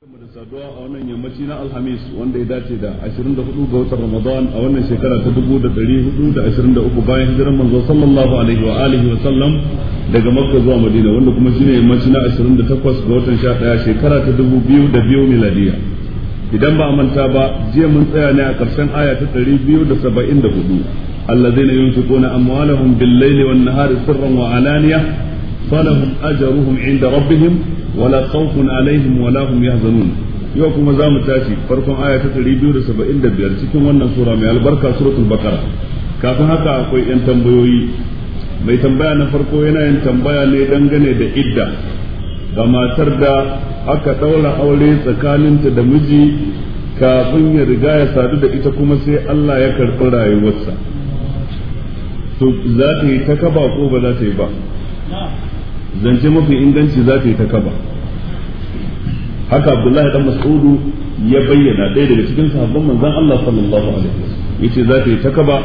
da saduwa a wannan yammaci na alhamis wanda ya dace da 24 ga watan ramadan a wannan shekara ta 1423 bayan hijiran manzo sallallahu alaihi wa alihi wa sallam daga makka zuwa madina wanda kuma shine yammaci na 28 ga watan 11 shekara ta 2002 miladiya idan ba a manta ba jiya mun tsaya ne a ƙarshen aya ta 274 allazina yunfiquna amwalahum bil-laili wan-nahari sirran wa alaniya falahum ajruhum 'inda rabbihim wala khawfun alaihim wala hum yahzanun yau kuma za mu tashi farkon aya ta 275 cikin wannan sura mai albarka suratul baqara kafin haka akwai yan tambayoyi mai tambaya na farko yana yin tambaya ne dangane da idda ga matar da aka daura aure tsakaninta da miji kafin ya riga ya sadu da ita kuma sai Allah ya karɓi rayuwarsa to za ta yi ta kaba ko ba za ta yi ba zance mafi inganci za ta yi ta kaba haka abdullahi dan mas'udu ya bayyana ɗaya daga cikin sahabban manzon Allah sallallahu alaihi wasallam yace za ta yi takaba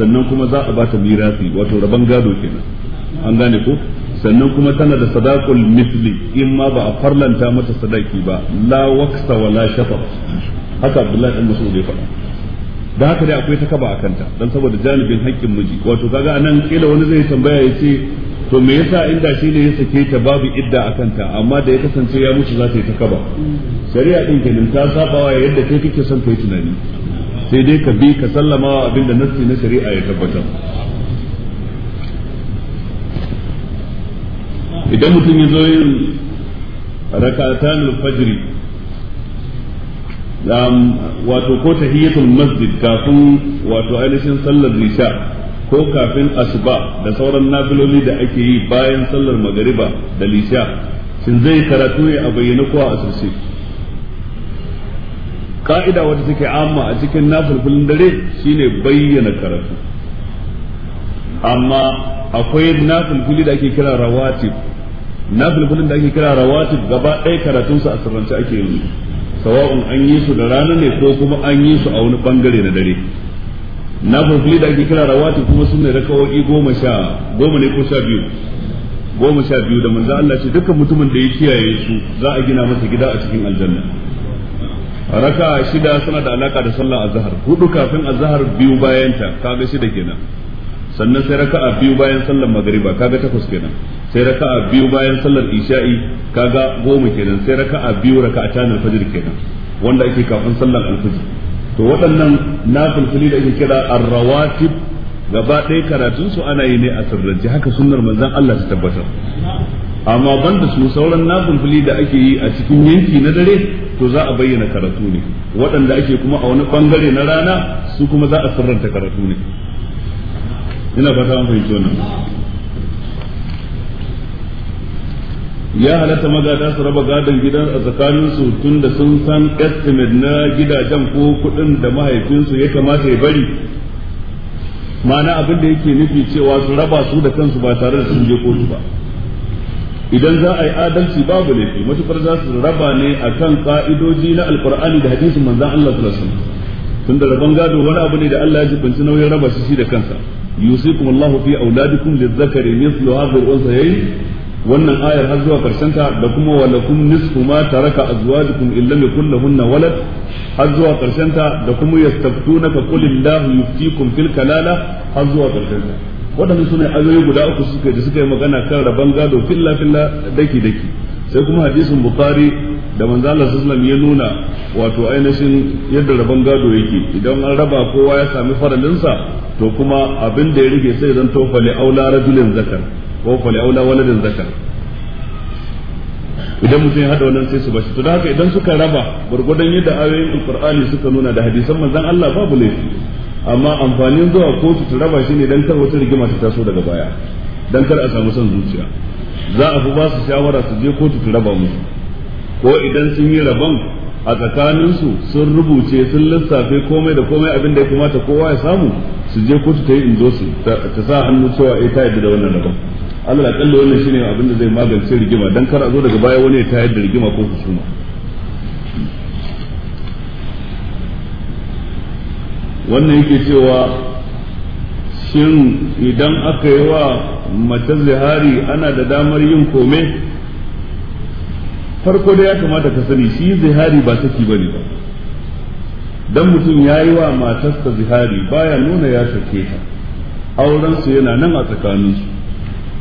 sannan kuma za a bata mirasi wato rabon gado kenan an gane ko sannan kuma tana da sadaqul misli in ma ba a farlanta mata sadaki ba la waqsa wa la shafaf haka abdullahi dan mas'ud ya faɗa da haka dai akwai takaba a kanta dan saboda janibin haƙƙin miji wato kaga anan kila wani zai tambaya ya ce to me yasa inda shi ne ya sake ta babu idda a kanta amma da ya kasance ya mutu za ta yi ta kaba shari'a din kenan ta wa yadda kai kake son kai tunani sai dai ka bi ka sallama wa abinda nassi na shari'a ya tabbatar idan mutum ya zo yin rakatan fajri um, wato ko tahiyatul masjid kafin wato ainihin sallar isha ko kafin asuba da sauran nafiloli da ake yi bayan sallar magariba da lisha shin zai karatu ne a bayyana ko a asirce ka'ida wadda take amma a cikin nafilfilin dare shine bayyana karatu amma akwai nafilfili da ake kira rawatib nafilfilin da ake kira rawatib gaba ɗaya su a sirrance ake yi sawa'un an yi su da rana ne ko kuma an yi su a wani bangare na dare na fulfuli da ake kira rawati kuma sun ne rakawoyi goma sha goma ne ko sha biyu goma sha biyu da manzo Allah ce dukkan mutumin da ya kiyaye su za a gina masa gida a cikin aljanna raka shida suna da alaka da sallah azhar hudu kafin azhar biyu bayan ta kaga shida kenan sannan sai raka'a biyu bayan sallar magariba kaga takwas kenan sai raka'a biyu bayan sallar isha'i kaga goma kenan sai raka'a biyu tanar alfajr kenan wanda ake kafin sallar alfajr to waɗannan na fulfuli da ake kira arrawatib gaba ɗaya karatun su ana yi ne a sirrance haka sunnar manzon Allah ta tabbatar amma banda su sauran na fulfuli da ake yi a cikin yanki na dare to za a bayyana karatu ne waɗanda ake kuma a wani bangare na rana su kuma za a sirranta karatu ne ina fata an fahimci wannan ya halatta maza su raba gadon gidan a tsakaninsu tun da sun san estimate na gidajen ko kuɗin da mahaifinsu ya kamata ya bari ma'ana abin da yake nufi cewa su raba su da kansu ba tare da sun je kotu ba idan za a yi adalci babu laifi matukar za su raba ne akan ƙa'idoji na alkur'ani da hadisin manzon Allah sallallahu alaihi tun tunda rabon gado wani abu ne da Allah ya jibanci nauyin raba shi da kansa yusikum Allahu fi auladikum lizzakari mithlu hadhihi al-unsayayn wannan ayar har zuwa karshen da kuma walakum nisfu ma taraka azwajukum illa lam yakul walad har zuwa karshen ta da kuma yastaftunaka qul illahu yuftikum fil kalala har zuwa karshen ta wadannan sune ayoyi guda uku suke da suka yi magana kan raban gado filla filla daki daki sai kuma hadisin bukhari da manzo Allah sallallahu ya nuna wato ainihin yadda raban gado yake idan an raba kowa ya sami faralinsa to kuma abin da ya rige sai zan tofa li aula rajulin zakar ko fa aula waladin zakar idan mutum ya hada wannan sai su bashi to da haka idan suka raba gurgudan yadda ayoyin alqur'ani suka nuna da hadisan manzon Allah babu ne amma amfanin zuwa kotu ta raba shi ne dan kar wata rigima ta taso daga baya dan kar a samu son zuciya za a fi ba su shawara su je kotu ta raba musu ko idan sun yi rabon a tsakaninsu sun rubuce sun lissafe komai da komai abin da ya kamata kowa ya samu su je kotu ta yi inzo su ta sa hannu cewa ita eh yadda da wannan rabon Allah kalla wannan shine abin da zai magance rigima dan kar a zo daga baya wani ya tayar da rigima ko husuma wannan yake cewa shin idan aka yi wa mace zihari ana da damar yin kome farko da ya kamata ka sani shi zihari ba saki bane ba dan mutum ya yi wa matarsa zihari baya nuna ya sake ta aurensu yana nan a tsakaninsu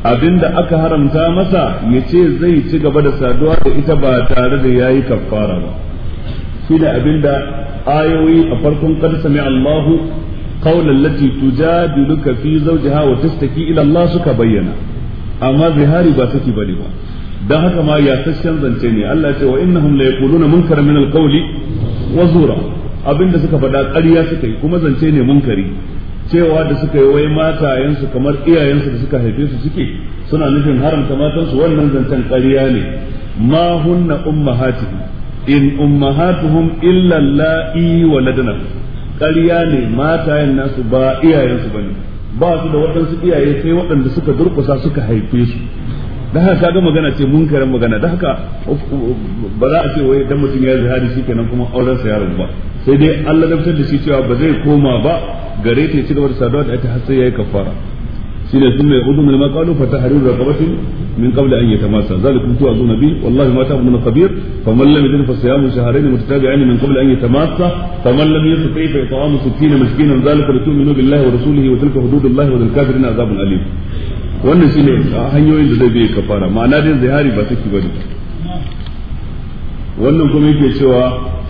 abinda aka haramta masa ya ce zai ci gaba da saduwa da ita ba tare da yayi kafara ba shi da abinda ayoyi a farkon karsa mai Allahu qawlan lati tujadiluka fi zawjiha wa tastaki ila Allah suka bayyana amma zihari ba take bane ba dan haka ma ya sassan zance ne Allah ce wa innahum la yaquluna munkara min alqawli wa zura abinda suka faɗa ƙarya suka yi kuma zance ne munkari cewa da suka yi wai matayensu kamar iyayensu da suka haife su suke suna nufin haramta matansu wannan zancen ƙarya ne ma hunna ummahatuhum in ummahatuhum illa la'i ladana ƙarya ne matayen nasu ba iyayensu bane ba su da waɗansu iyaye sai waɗanda suka durƙusa suka haife su da haka ga magana ce munkarin magana da haka ba za a ce wai dan mutum ya zihari shikenan kuma auren sa ya rabu ba sai dai Allah dabtar da shi cewa ba zai koma ba gare ta ci gaba da saduwa da ita har sai yayi kafara shi ne sun mai udum ma qalu fa tahriru raqabati min qabl an yatamassa zalikum tu azu nabi wallahi ma ta'maluna khabir man lam yajid fa siyamu shahrayn mutatabi'ayn min qabl an yatamassa fa man lam yastati fa it'amu 60 miskinan zalika litu'minu billahi wa rasulihi wa tilka hududullahi wa lil kafirin azabun alim wannan shine ah, hanyoyin da zai bi kafara ma'ana zai zihari ba take bane wannan kuma yake cewa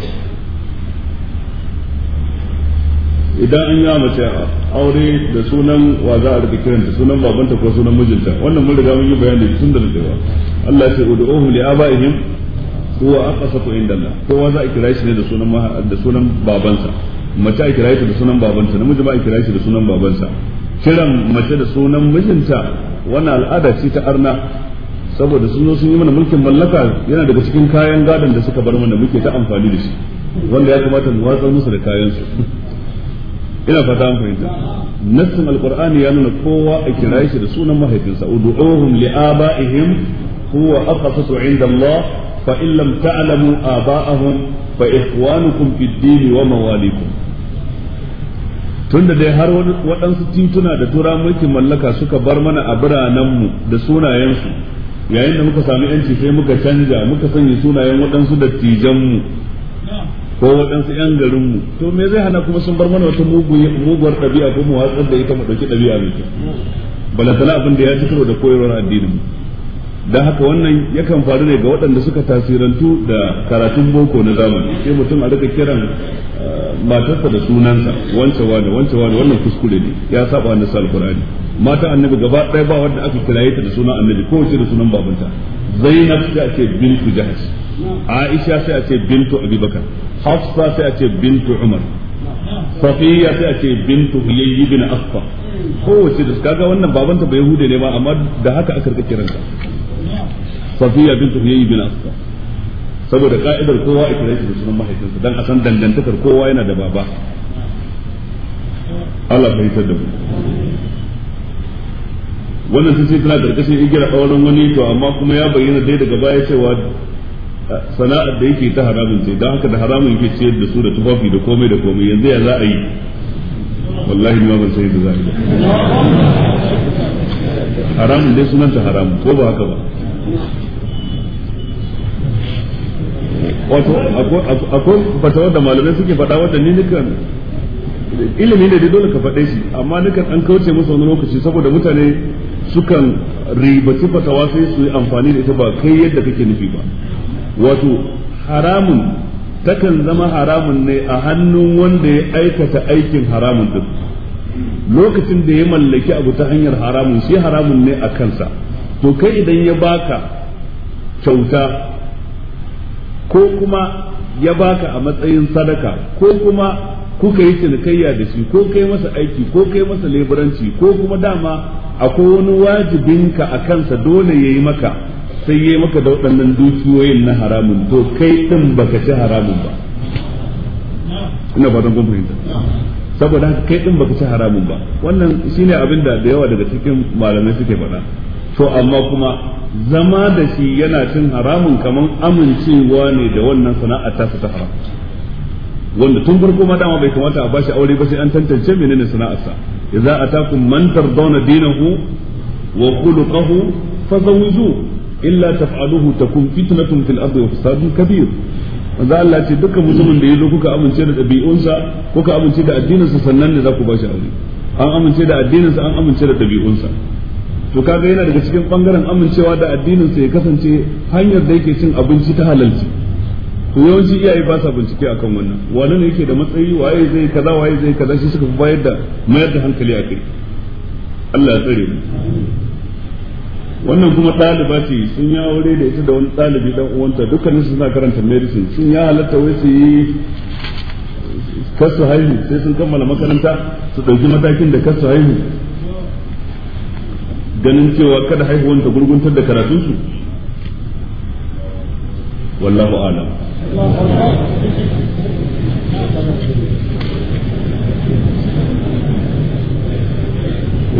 idan an yi mace aure da sunan wa za a rika kiranta sunan babanta ko sunan mijinta wannan mun riga mun yi bayani tun da dadewa Allah ce ud'uhum li abaihim huwa aqsatu inda Allah kowa za a kira shi ne da sunan da sunan babansa mace a kira shi da sunan babanta namiji ba a kira shi da sunan babansa kiran mace da sunan mijinta wannan al'ada ce ta arna saboda sun zo sun yi mana mulkin mallaka yana daga cikin kayan gadon da suka bar mana muke ta amfani da shi wanda ya kamata mu watsar musu da kayan su ina fata an fahimta nassin alqur'ani ya nuna kowa a kira shi da sunan mahaifinsa ud'uhum li'aba'ihim huwa aqsatu 'inda Allah fa in lam ta'lamu aba'ahum fa ikhwanukum fid din wa mawalikum tunda dai har waɗansu tituna da tura mulkin mallaka suka bar mana a biranenmu da sunayensu yayin da muka sami yanci sai muka canja muka sanya sunayen waɗansu dattijanmu ko waɗansu 'yan garinmu to me zai hana kuma sun bar mana wata muguwar ɗabi'a ko mu watsar da ita mu ɗauki ɗabi'a mai kyau abin da ya ci karo da koyarwar addinin mu dan haka wannan yakan faru ne ga waɗanda suka tasirantu da karatun boko na zamani sai mutum a rika kiran ah, matarsa da sunansa wance wane wance wane wannan kuskure ne ya saba na salkurani mata annabi gaba ɗaya ba wanda aka kiraye ta da sunan annabi ko wace da sunan babanta zainab sai a ce bintu jahsh aisha sai a ce bintu abubakar hafsa sai a ce bintu umar safiya sai a ce bintu huyayyi bin affa kowace da kaga wannan babanta bai hude ne ba amma da haka aka rika kiranta safiya bin huyay bin asfa saboda ka'idar kowa a kira shi da sunan mahaifinsa dan a san dangantakar kowa yana da baba Allah bai da mu wannan sun sai tana karkashin igiyar auren wani to amma kuma ya bayyana dai daga baya cewa sana'ar da yake ta haramun sai don haka da haramun yake ciyar da su da tufafi da komai da komai yanzu ya za a yi wallahi ma ban sai da za a yi haramun dai sunanta haramun ko ba haka ba wato akwai fatawar da malamai suke faɗa wadda ni nukan ilimi ne dai dole ka faɗe shi amma nukan an kauce musu wani lokaci saboda mutane sukan ribaci fatawa sai su yi amfani da ita ba kai yadda kake nufi ba wato haramun takan zama haramun ne a hannun wanda ya aikata aikin haramun din lokacin da ya mallaki abu ta hanyar haramun shi haramun ne a kansa to kai idan ya baka kyauta ko kuma ya baka a matsayin sadaka ko kuma kuka yi cinikayya da shi ko kai masa aiki ko kai masa leburanci ko kuma dama akwai wani wajibinka a kansa dole ya yi maka sai ya yi maka da waɗannan dukiyoyin na haramun to kai ɗin baka ci haramun ba ina ba don kun saboda kai ɗin baka ci haramun ba wannan shine abin da da yawa daga cikin malamai suke faɗa to amma kuma zama da shi yana cin haramun kamar amincewa ne da wannan sana'a ta ta haram wanda tun farko ma dama bai kamata a bashi aure ba sai an tantance menene sana'arsa idza atakum man tardawna dinahu wa khuluquhu fazawizu illa taf'aluhu takun fitnatun fil ardi wa fasadun kabir manzo Allah ce dukkan mutumin da yazo kuka amince da dabi'unsa kuka amince da addininsa sannan ne za ku bashi aure an amince da addininsa an amince da dabi'unsa to kaga yana daga cikin bangaren amincewa da addinin sa ya kasance hanyar da yake cin abinci ta halalci to yawanci iyaye ba sa bincike akan wannan wani ne yake da matsayi waye zai kaza waye zai kaza shi suka fi bayar da mayar da hankali a kai Allah ya tsare mu wannan kuma ɗaliba ce sun ya aure da ita da wani ɗalibi dan uwanta dukkanin su suna karanta medicine sun ya halatta wai su yi kasu haihu sai sun kammala makaranta su ɗauki matakin da kasu haihu ganin cewa kada haihuwan ta gurguntar da karatun su wallahu alam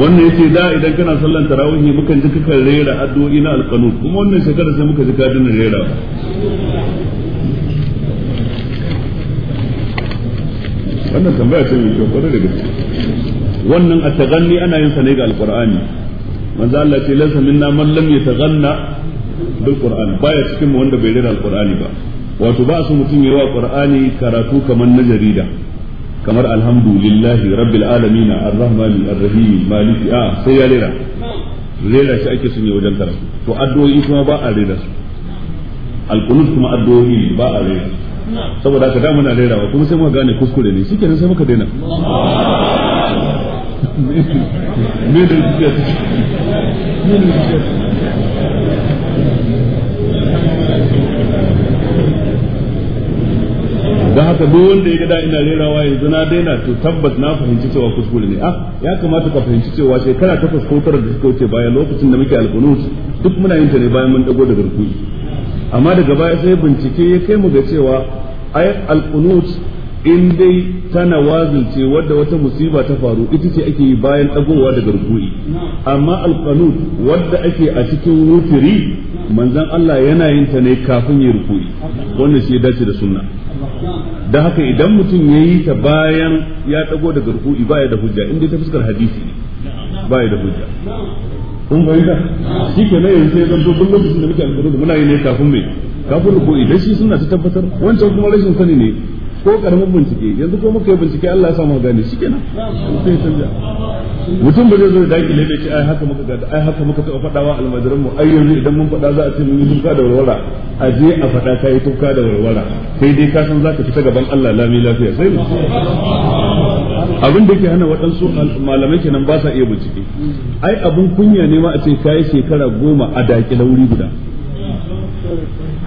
wannan yace da idan kana sallan tarawih mukan ji kakan rera addu'o'i na alqanun kuma wannan shekara sai muka ji ka dinga rera wannan tambaya ce mai kyau kwarai da gaske wannan a taganni ana yin sa ne ga alqur'ani manzo Allah ce laysa minna man lam yataghanna bil qur'an baya cikin mu wanda bai rera alqur'ani ba wato ba su mutum yawa qur'ani karatu kamar na jarida kamar alhamdulillahi rabbil alamin arrahmani arrahim maliki a ah, sai ya rera rera shi ake sunye wajen karatu to addu'o'i kuma ba a rera su alqunut kuma addu'o'i ba a rera saboda haka da muna rerawa kuma sai muka gane kuskure ne shikenan sai muka daina da haka duk wanda ya gada ina rerawa yanzu na daina to tabbas na fahimci cewa kuskure ne ah ya kamata ka fahimci cewa shekara takwas ko tara da suka wuce bayan lokacin da muke alkunut duk muna yin ta ne bayan mun dago daga rukuni amma daga baya sai bincike ya kai mu ga cewa ayat alkunut in dai tana wazance wadda wata musiba ta faru ita ce ake yi bayan dagowa daga rubu'i amma alqanut wadda ake a cikin wutiri manzon Allah yana yin ta ne kafin ya rubu'i wannan shi dace da sunna da haka idan mutum ya yi ta bayan ya dago daga rubu'i baya da hujja in dai ta fuskar hadisi ne baya da hujja kun fahimta shi ke na yanzu ya zanto duk lokacin da muke alƙur'ani muna yi ne kafin me. kafin rubu'i dan shi sunna ta tabbatar wancan kuma rashin sani ne ko karamin bincike yanzu ko muka yi bincike Allah ya samu gane shikenan sai canja mutum ba zai zo da daki lebe ce ai haka muka gada ai haka muka taɓa faɗawa almajiran mu ai yanzu idan mun faɗa za a ce mun yi tuka da warwara a je a faɗa ka yi tuka da warwara sai dai ka san zaka fita gaban Allah lami lafiya sai mu abin da ke hana waɗansu malamai kenan ba sa iya bincike ai abin kunya ne ma a ce kai shekara goma a daki lauri guda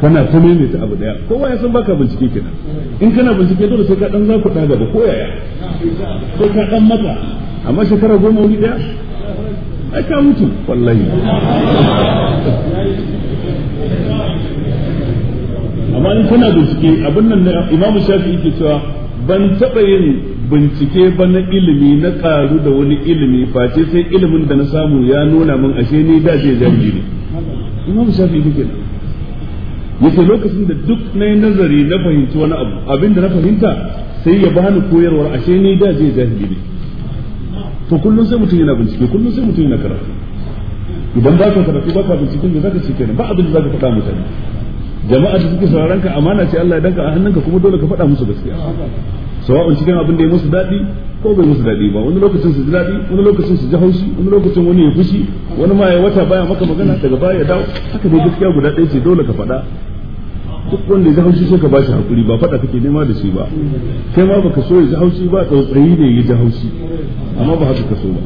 kana ta ta abu daya kowa ya san baka bincike kenan in kana bincike dole sai ka dan za ku ta gaba ko yaya sai ka dan mata amma shekara goma wuri daya ai ka mutu wallahi amma in kana bincike abin nan ne imamu shafi yake cewa ban taɓa yin bincike ba na ilimi na karu da wani ilimi face sai ilimin da na samu ya nuna min ashe ni da zai zargi ne imamu shafi yake cewa yace lokacin da duk na yi nazari na fahimci wani abu abin da na fahimta sai ya bani koyarwar ashe ni da zai jahili ne to kullum sai mutum yana bincike kullum sai mutum yana karatu idan ba ka karatu ba ka binciken da zaka ce kenan ba abin da zaka faɗa mutane jama'a da suke sauraron ka amana ce Allah ya danka a hannunka kuma dole ka faɗa musu gaskiya sawa'un cikin abin da ya musu daɗi ko bai musu daɗi ba wani lokacin su ji daɗi wani lokacin su ji haushi wani lokacin wani ya fushi wani ma ya wata baya maka magana daga baya ya dawo haka dai gaskiya guda ɗaya ce dole ka faɗa duk wanda ya ji haushi sai ka bashi hakuri ba faɗa kake nema da shi ba kai ma baka so ya ji haushi ba tsautsayi ne ya ji haushi amma ba haka ka so ba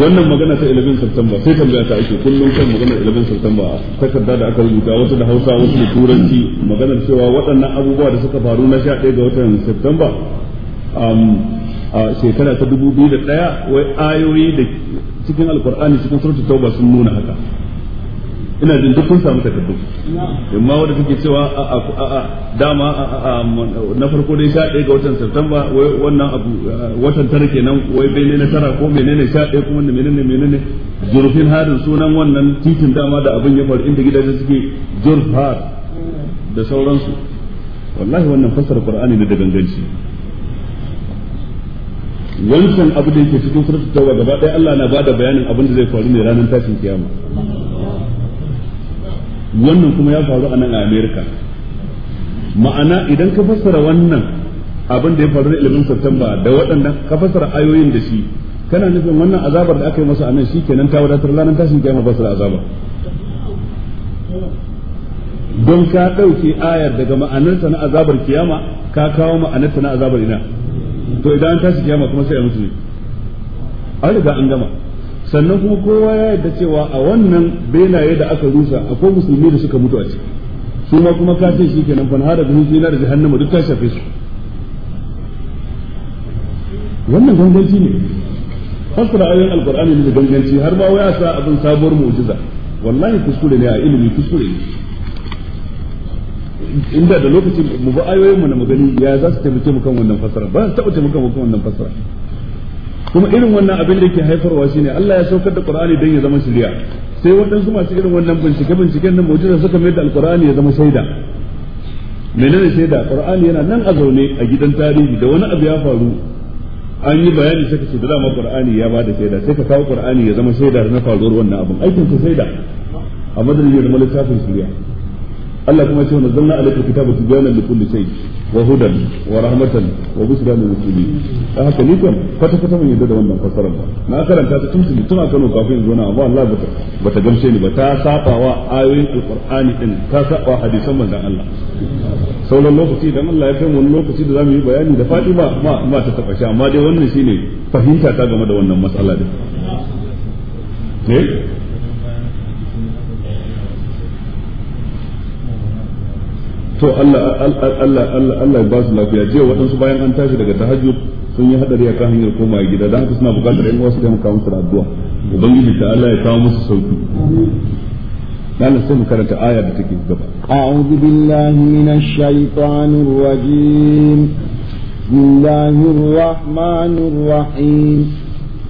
wannan magana ta 11 September sai tambaya ta ake kullum kan maganar 11 September takarda da aka rubuta wata da Hausa wasu da Turanci maganar cewa waɗannan abubuwa da suka faru na 11 ga watan September um, a shekara ta 2001 wai ayoyi da cikin alkur'ani cikin suratul tauba sun nuna haka ina jin duk kun samu takaddu amma wanda take cewa a a a dama na farko dai 11 ga watan Satumba wannan abu watan tare kenan wai bene na tara ko menene 11 kuma menene menene jurfin harin sunan wannan titin dama da abin ya faru inda gidaje suke jurfar da sauransu wallahi wannan fasar qur'ani ne da ganganci wancan abu da yake cikin suratul tauba gaba ɗaya Allah na bada bayanin abin da zai faru ne ranar tashin kiyama wannan kuma ya faru a nan a America ma'ana idan ka fassara wannan abin da ya faru ne ilimin Satamba da waɗannan ka fassara ayoyin da shi kana nufin wannan azabar da aka yi masa a nan shikenan ta wadatar ranar tashin kiyama ba su azaba don ka ɗauke ayar daga ma'anarta na azabar kiyama ka kawo ma'anarta na azabar ina to idan an tashi kiyama kuma sai a mutu ne an riga an gama sannan kuma kowa ya yarda cewa a wannan benaye da aka rusa akwai musulmi da suka mutu a ciki su ma kuma ka ce shikenan fa hada bin zina da jahannama duk ta shafe su wannan ganganci ne fasara ayoyin alqur'ani ne da ganganci har ma a sa abin sabuwar mu'jiza wallahi kuskure ne a ilimi kuskure ne inda da lokacin mu ba ayoyin mu na magani ya za su taimake mu kan wannan fasara ba su taɓa taimaka mu kan wannan fasara kuma irin wannan abin da ke haifarwa shine Allah ya saukar da Qur'ani dan ya zama shari'a sai waɗansu masu irin wannan bincike binciken nan mu'jiza suka mai da Al-Qur'ani ya zama shaida menene shaida Qur'ani yana nan a zaune a gidan tarihi da wani abu ya faru an yi bayani saka ce da dama Qur'ani ya bada shaida sai ka kawo Qur'ani ya zama shaida na faruwar wannan abin aikin ka shaida a madadin ya zama littafin shari'a Allah kuma ce nazzalna alayka kitaba tibyana li kulli shay wa hudan wa rahmatan wa bushra lil muslimin dan haka ni kan kwata yadda da wannan fasarar ba na karanta ta tuntuni tun a Kano kafin zo na amma Allah bata bata gamshe ni ba ta sabawa ayoyin qurani din ta sabawa hadisan manzon Allah sauran lokaci dan Allah ya kai lokaci da zamu yi bayani da Fatima ma ma ta taba shi amma dai wannan shine fahimta ta game da wannan matsala din eh? to Allah Allah Allah Allah ya ba su lafiya je waɗansu bayan an tashi daga tahajjud sun yi hadari akan hanyar koma gida dan haka suna buƙatar ƴan wasu da kawo musu addu'a ubangiji ta Allah ya kawo musu sauki dan sai mu karanta aya da take gaba a'udhu billahi minash shaitanir rajim bismillahir rahmanir rahim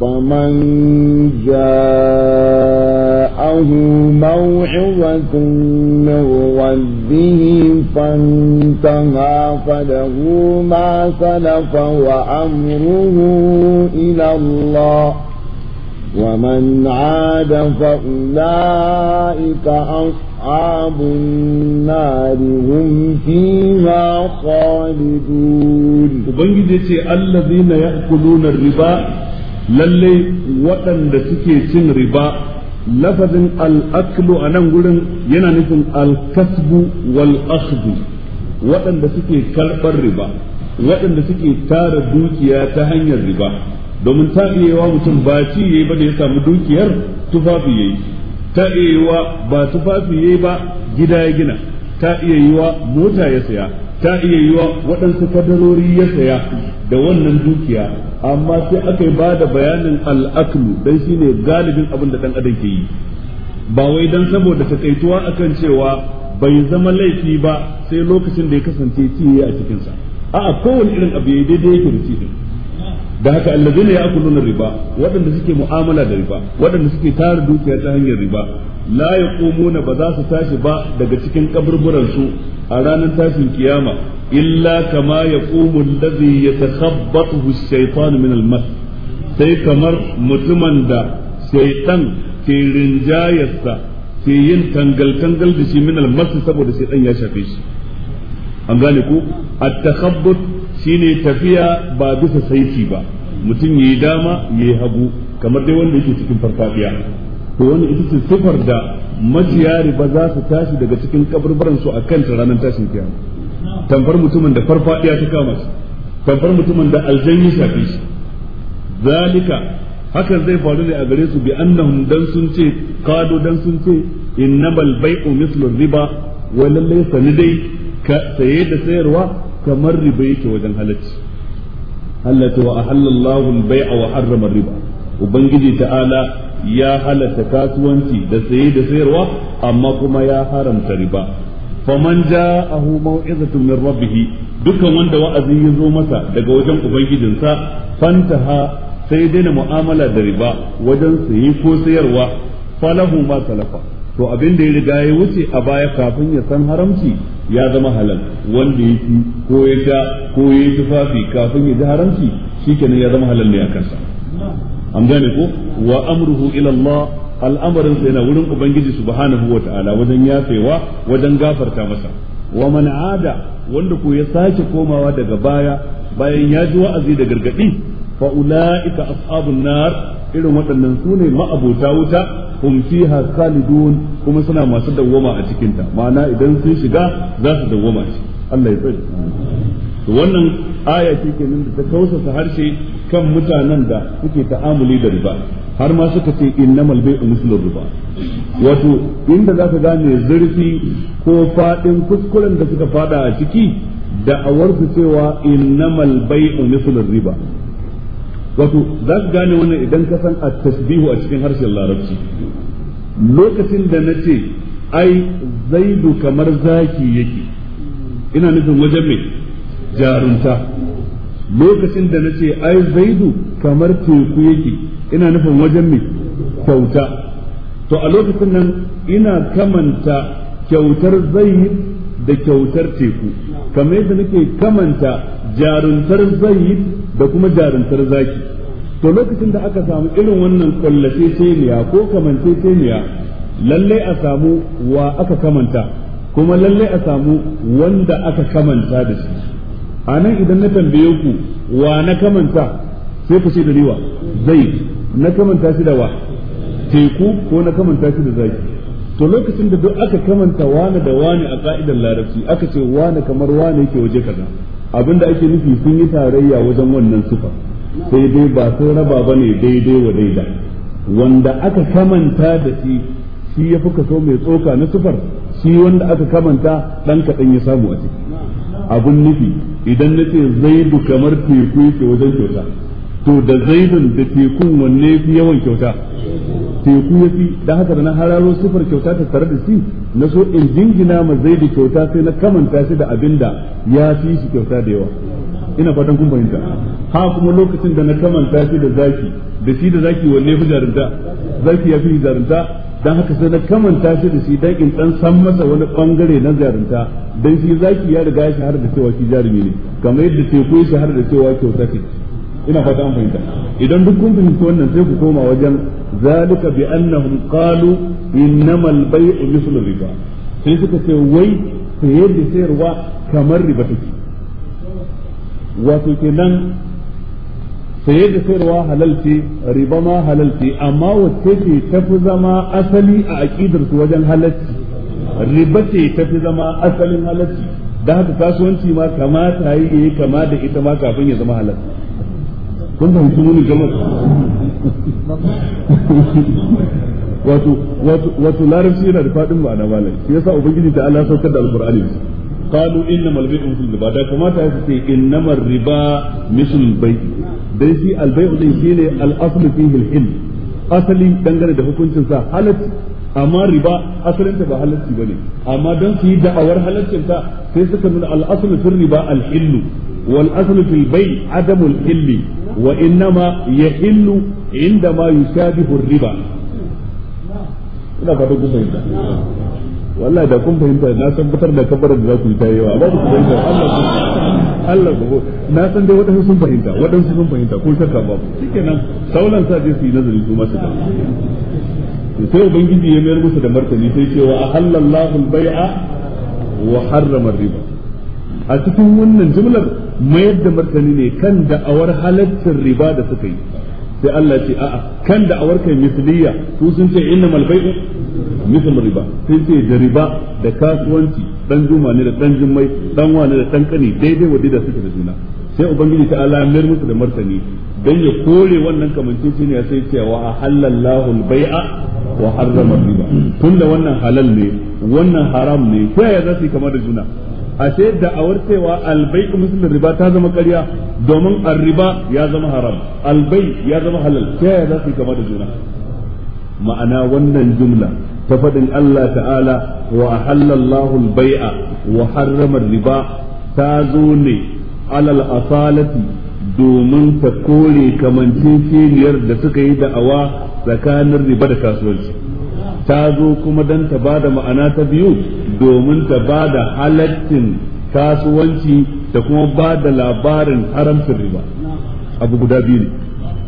فمن جاءه موعظة من ربه فانتهى فله ما سلف وأمره إلى الله ومن عاد فأولئك أصحاب النار هم فيها خالدون وبنجد الذين يأكلون الربا lalle waɗanda suke cin riba lafazin al'aklu a nan gurin yana nufin al-kasbu wal akhdhu waɗanda suke karɓar riba waɗanda suke tara dukiya ta hanyar riba domin ta iyewa mutum ba ci yayi ba da ya samu dukiyar tufafi yayi ta iyewa ba tufafi yayi ba gida ya gina ta iya mota ya saya ta iya yiwa waɗansu kadarori ya saya da wannan dukiya amma sai aka yi ba da bayanin al'aklu don shi ne galibin abin da ɗan adam ke yi ba wai don saboda a kan cewa bai zama laifi ba sai lokacin da ya kasance ci a cikinsa a'a kowane irin abu ya daidai yake da cikin da haka ne allazina nuna riba waɗanda suke mu'amala da riba waɗanda suke tara dukiya ta hanyar riba la na ba za su tashi ba daga cikin kaburburan a ranar tashin kiyama illa kama yaqumu allazi ya ash-shaytan min al sai kamar mutumin da shaytan ke rinjayarsa ke yin tangal-tangal da shi min al saboda shaitan ya shafe shi an gane ku at-takhabbut shine tafiya ba bisa saiti ba mutum yayi dama yayi hagu kamar dai wanda yake cikin farfadiya to wani ita ce sifar da maciya riba za su tashi daga cikin kaburbaran su a kanta ranar tashin kiyama tamfar mutumin da farfadiya ta kama shi tamfar mutumin da aljan ya shafe shi zalika hakan zai faru ne a gare su bi annahum dan sun ce kado dan sun ce innamal bai'u mislu riba wa lallai sani dai ka saye da sayarwa kamar riba yake wajen halacci Allah ta wa ahallallahu al-bai'a wa harrama riba ubangiji ta'ala ya halatta kasuwanci da saye da sayarwa amma kuma ya haramta riba faman ja'ahu mau'izatu min rabbih dukkan wanda wa'azi ya zo masa daga wajen ubangijinsa fantaha sai na mu'amala da riba wajen saye ko sayarwa falahu ma salafa to abin da ya riga ya wuce a baya kafin ya san haramci ya zama halal wanda ya ci ko ya sha ko ya yi tufafi kafin ya ji haramci shikenan ya zama halal ne a kansa an gane ko wa amruhu ila Allah al'amarin sa yana wurin ubangiji subhanahu wata'ala wajen yafewa wajen gafarta masa wa man ada wanda ko ya sake komawa daga baya bayan ya ji wa'azi da gargadi fa ulaika ashabun nar irin waɗannan su ne ma'abota wuta hum fiha khalidun kuma suna masu dawwama a cikin ta ma'ana idan sun shiga za su dawwama shi Allah ya tsare wannan aya ce kenan da ta tausasa harshe kan mutanen da suke ta'amuli da riba har ma suka ce innamal bai'u mislur riba wato inda za ka gane zurfi ko fadin kuskuren da suka fada a ciki da awarsu cewa innamal bai'u mislur riba wato za ka gane wannan idan ka san a tasbihu a cikin harshen larabci lokacin da na ce ai zaidu kamar zaki yake ina nufin wajen mai jarunta lokacin da na ai zaidu kamar teku yake ina nufin wajen mai kyauta to a lokacin nan ina kamanta kyautar zaid da kyautar teku kamar yadda nake kamanta jaruntar zaid da kuma jaruntar zaki to lokacin da aka samu irin wannan kwallace teniya ko kamance teniya lalle a samu wa aka kamanta kuma lalle a samu wanda aka kamanta da shi a nan idan na tambaye ku wa na kamanta sai ku ce da riwa zai na kamanta shi da wa teku ko na kamanta shi da zaki to lokacin da duk aka kamanta wani da wani a ka'idar larabci aka ce wani kamar wani yake waje kaza abinda ake nufi sun yi tarayya wajen wannan sufa sai dai ba sun raba ba ne daidai wa daida wanda aka kamanta da shi shi ya fi kaso mai tsoka na sufar shi wanda aka kamanta ɗan kaɗan ya samu a ciki abun nufi idan na ce zaidu kamar teku yake wajen kyauta to da zaidun da tekun wanne fi yawan kyauta teku ya fi da haka da na hararo sifar kyauta ta tare da shi na so in jingina ma zaidu kyauta sai na kamanta shi da abin da ya fi shi kyauta da yawa ina fatan kun fahimta ha kuma lokacin da na kamanta shi da zaki da shi da zaki wanne fi jarinta zaki ya fi jarinta dan haka sai na kamanta shi da shi dan in dan san masa wani bangare na jarunta dan shi zaki ya riga ya har da cewa shi jarumi ne kamar yadda teku shi har da cewa kyauta ce ina fata an fahimta idan duk kun fahimci wannan sai ku koma wajen zalika bi annahum qalu innamal bay'u mislu riba sai suka ce wai saye da sayarwa kamar riba take wato kenan saye da sayarwa halalci riba ma halalci amma wacce ce tafi zama asali a aqidar su wajen halalci riba ce tafi zama asalin halalci da haka kasuwanci ma kamata yi yayi kama da ita ma kafin ya zama halal kun fahimci mun gama wato wato wato larabci yana da fadin ma'ana malai shi yasa ubangiji ta Allah saukar da alqur'ani qalu innamal bai'u mithl riba da kamata ya ce innamar riba mithl bai dai shi al bai'u din shine al aslu fihi al asali dangane da hukuncin sa halacci amma riba asalinta ba halacci bane amma don su yi da'awar ta sai suka nuna al aslu fil riba al hillu والأصل في البيع عدم الحل وإنما يحل عندما يشابه الربا ina fata kun fahimta wallahi da kun fahimta na san fitar da kabarin da za ku yi tayi yawa ba ku fahimta Allah ku na san dai waɗansu sun fahimta waɗansu sun fahimta ko shakka babu shikenan saulan sa je su yi nazari su masu da sai ubangiji ya mayar musu da martani sai cewa ahallallahu al-bai'a wa harrama riba a cikin wannan jumlar mayar da martani ne kan da'awar halaccin riba da suka yi sai Allah ce a'a kan da'awar kai misliya su sun ce innamal bai'u misal riba sai ce da riba da kasuwanci dan juma ne da dan jummai dan wane da dan kani daidai wadda da suke da juna sai ubangiji ta ala mayar musu da martani dan ya kore wannan kamancin shine ya sai cewa a halallahu al-bai'a wa harrama riba tunda wannan halal ne wannan haram ne ta yaya za su kama da juna ashe da'awar cewa albai'u misal riba ta zama ƙarya domin riba ya zama haram albai ya zama halal ta yaya za su kama da juna ma'ana wannan jumla ta faɗin Allah ta'ala wa halallahu baia wa harrama riba ta zo ne alal asalati domin ta kore kamanceceniyar da suka yi da'awa tsakanin riba da kasuwanci ta zo kuma don ta ba da ma'ana ta biyu domin ta ba da halattin kasuwanci da kuma ba da labarin haramcin riba abu guda biyu ne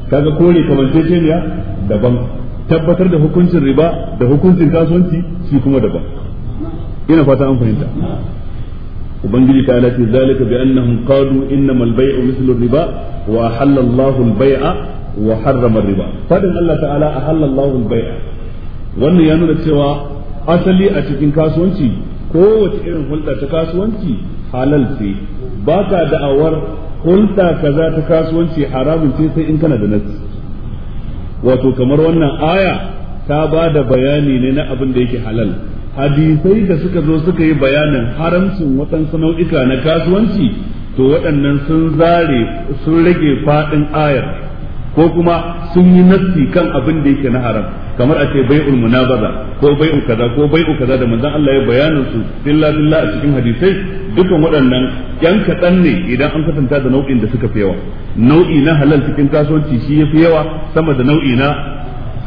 kaga kore kamanceceniya daban tabbatar da hukuncin riba da hukuncin kasuwanci shi kuma daban ina fata an fahimta ubangiji ta alace zalika bi annahum qalu innamal bay'u mithlu riba wa ahalla Allahu al-bay'a wa harrama riba fadin Allah ta'ala ahalla Allahu al-bay'a wannan ya nuna cewa asali a cikin kasuwanci kowace irin hulɗa ta kasuwanci halal ce ba ka da'awar hulɗa kaza ta kasuwanci haramun ce sai in kana da nasi wato kamar wannan aya ta ba da bayani ne na abin da yake halal hadisai da suka zo suka yi bayanin haramcin waɗansu nau'ika na kasuwanci to waɗannan sun zare sun rage faɗin ayar ko kuma sun yi nassi kan abin da yake na haram kamar a ce bai'ul munabaza ko bai'u kaza ko bai'u kaza da manzon Allah ya bayanin su billahi a cikin hadisai dukan waɗannan yan kaɗan ne idan an kasanta da nau'in da suka fi yawa nau'i na halal cikin kasuwanci shi ya fi yawa sama da nau'i na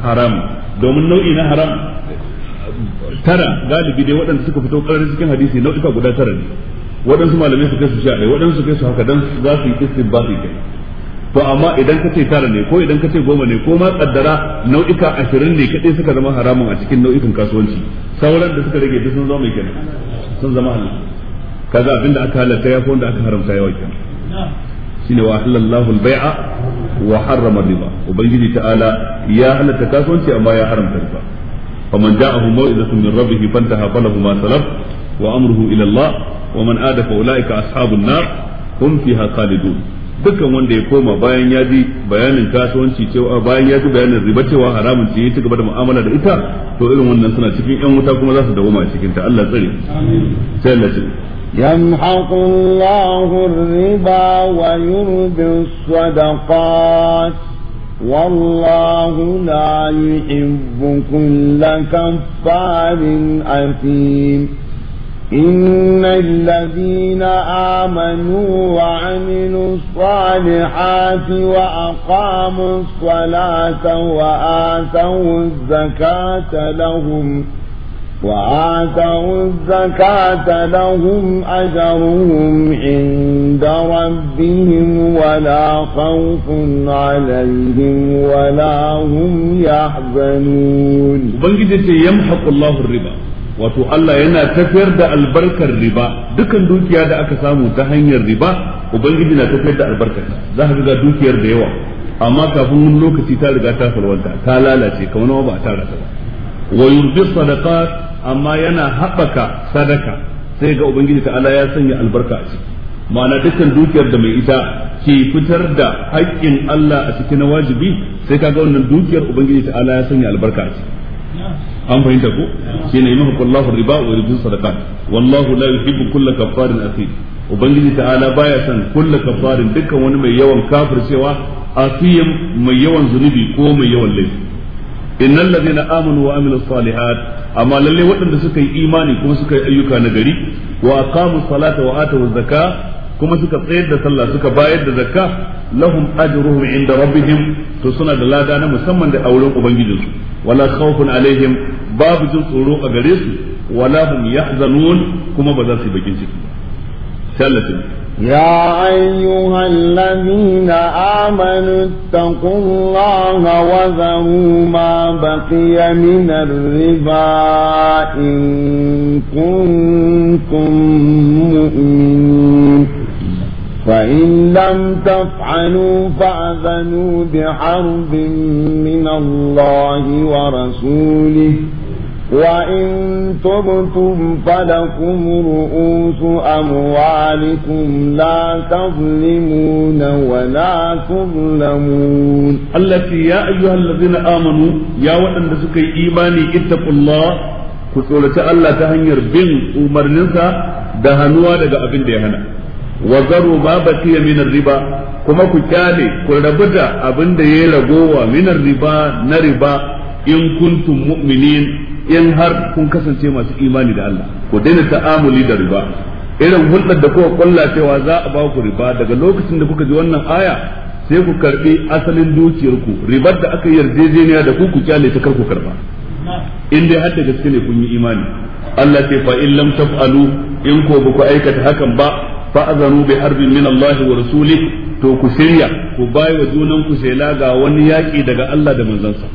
haram domin nau'i na haram tara galibi dai waɗanda suka fito ƙarar cikin hadisi nau'ika guda tara ne waɗansu malamai su kai su sha ɗaya waɗansu kai su haka dan za su yi istinbati kai to amma idan ka ce tara ne ko idan ka ce goma ne ko ma kaddara nau'ika ashirin ne kadai suka zama haramun a cikin nau'ikan kasuwanci sauran da suka rage duk sun zama mai kenan sun zama halal kaza aka halatta ya wanda aka haramta yawa kenan shine wa halallahu al-bai'a wa harrama riba ubangiji ta'ala ya halatta kasuwanci amma ya haramta riba faman ja'ahu maw'izatun min rabbih fantaha falahu ma salaf wa amruhu ila Allah wa man wulaika ulaika ashabun nar hum fiha khalidun dukkan wanda ya koma bayan ya ji bayanin kasuwanci cewa bayan ya ji bayanin riba cewa haramun ce ya ci gaba da mu'amala da ita to irin wannan suna cikin yan wuta kuma za su dawoma a cikinta Allah tsare sai Allah ce يمحق الله الربا ويربي الصدقات والله لا يحب كل كفار أثيم إن الذين آمنوا وعملوا الصالحات وأقاموا الصلاة وآتوا الزكاة لهم وآتوا الزكاة لهم أجرهم عند ربهم ولا خوف عليهم ولا هم يحزنون بنجد يمحق الله الربا wato Allah yana tafiyar da albarkar riba dukan dukiya da aka samu ta hanyar riba ubangiji na tafiyar da albarkar za ka ga dukiyar da yawa amma kafin wani lokaci ta riga ta salwanta ta lalace kamar wani ba a tara ta ba wa yurdi sadaqat amma yana haɓaka sadaka sai ga ubangiji ta'ala ya sanya albarka a ciki ma'ana dukkan dukiyar da mai ita ke fitar da haƙƙin Allah a cikin wajibi sai kaga wannan dukiyar ubangiji ta'ala ya sanya albarka a ciki an fahimta ko shine yamhu Allahu riba wa yurbi sadaqat wallahu la yuhibbu kulla kafarin asi ubangiji ta'ala baya son kulla kafarin dukkan wani mai yawan kafir cewa asiyan mai yawan zunubi ko mai yawan laifi innal ladina amanu wa amilu salihat amma lalle waɗanda suka yi imani kuma suka yi ayyuka na gari wa aqamu salata wa atu zakka kuma suka tsayar da sallah suka bayar da zakka lahum ajruhum inda rabbihim to suna da lada na musamman da auren ubangijinsu wala khawfun alaihim babu jin tsoro a gare su wala hum yahzanun kuma ba za su bakin ciki sallatin يا أيها الذين آمنوا اتقوا الله وذروا ما بقي من الربا إن كنتم مؤمنين فإن لم تفعلوا فأذنوا بحرب من الله ورسوله وإن تبتم فلكم رؤوس أموالكم لا تظلمون ولا تظلمون التي يا أيها الذين آمنوا يا وطن سكي إيماني اتقوا الله كسولة الله تهنير بن أمر ننسى دهنوا لك أبن دهنا wa zaru ma min riba kuma ku kyale ku rabu da abin da ya ragowa min riba na riba in kuntum mu'minin in har kun kasance masu imani da Allah ku daina ta'amuli da riba irin hulɗar da kuka kulla cewa za a ba ku riba daga lokacin da kuka ji wannan aya sai ku karbi asalin dukiyarku ribar da aka yarjejeniya da ku ku kyale ta kar ku karba in dai har da gaske ne kun yi imani Allah ce fa in lam taf'alu in ko ba aikata hakan ba fa'azanu bi harbin min Allah wa rasuli to ku shirya ku bai wa junan ku shela ga wani yaƙi daga Allah da manzansa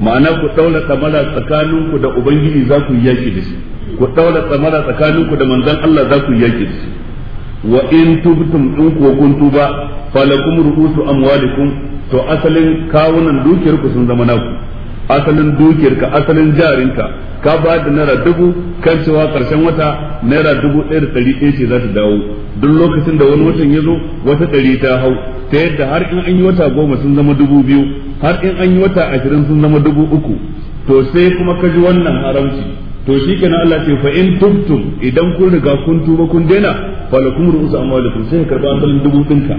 ma'ana ku daura tsamara tsakaninku da ubangiji za ku yaki da shi ku daura tsamara tsakaninku da manzan Allah za ku yaki da shi wa in tubtum in ku kun tuba falakum ru'usu amwalikum to asalin kawunan dukiyar ku sun zama naku asalin dukiyarka asalin jarinka ka ba da naira dubu kan cewa karshen wata naira dubu ɗaya da ɗari ɗaya ce za ta dawo duk lokacin da wani watan ya zo wata ɗari ta hau ta yadda har in an yi wata goma sun zama dubu biyu har in an yi wata ashirin sun zama dubu uku to sai kuma ka ji wannan haramci to shi kenan Allah ce fa in tubtum idan kun riga kun tuba kun daina falakum ru'usu amwalikum sai ka karba asalin dubu ɗinka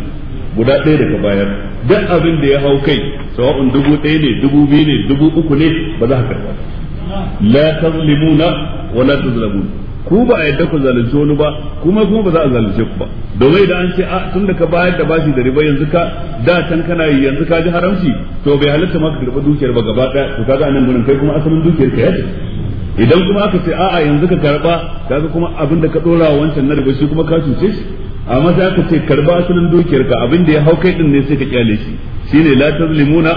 guda ɗaya da ka bayar duk abin da ya hau kai sawa'un dubu ɗaya ne dubu biyu ne dubu uku ne ba za ka karba la tazlimuna wa la tazlamun ku ba a yadda ku zalunci wani ba kuma kuma ba za a zalunce ku ba domin idan an ce a tun da ka bayar da bashi da riba yanzu ka da can kana yi yanzu ka ji haramci to bai halitta ma ka karba dukiyar ba gaba ɗaya to kaga anan gurin kai kuma asalin dukiyar ka yace idan kuma aka ce a'a yanzu ka karba kaga kuma abin da ka dora wancan na riba shi kuma ka cuce shi amma sai aka ce karba asalin dukiyar ka abin da ya hau kai din ne sai ka kyale shi shine la tazlimuna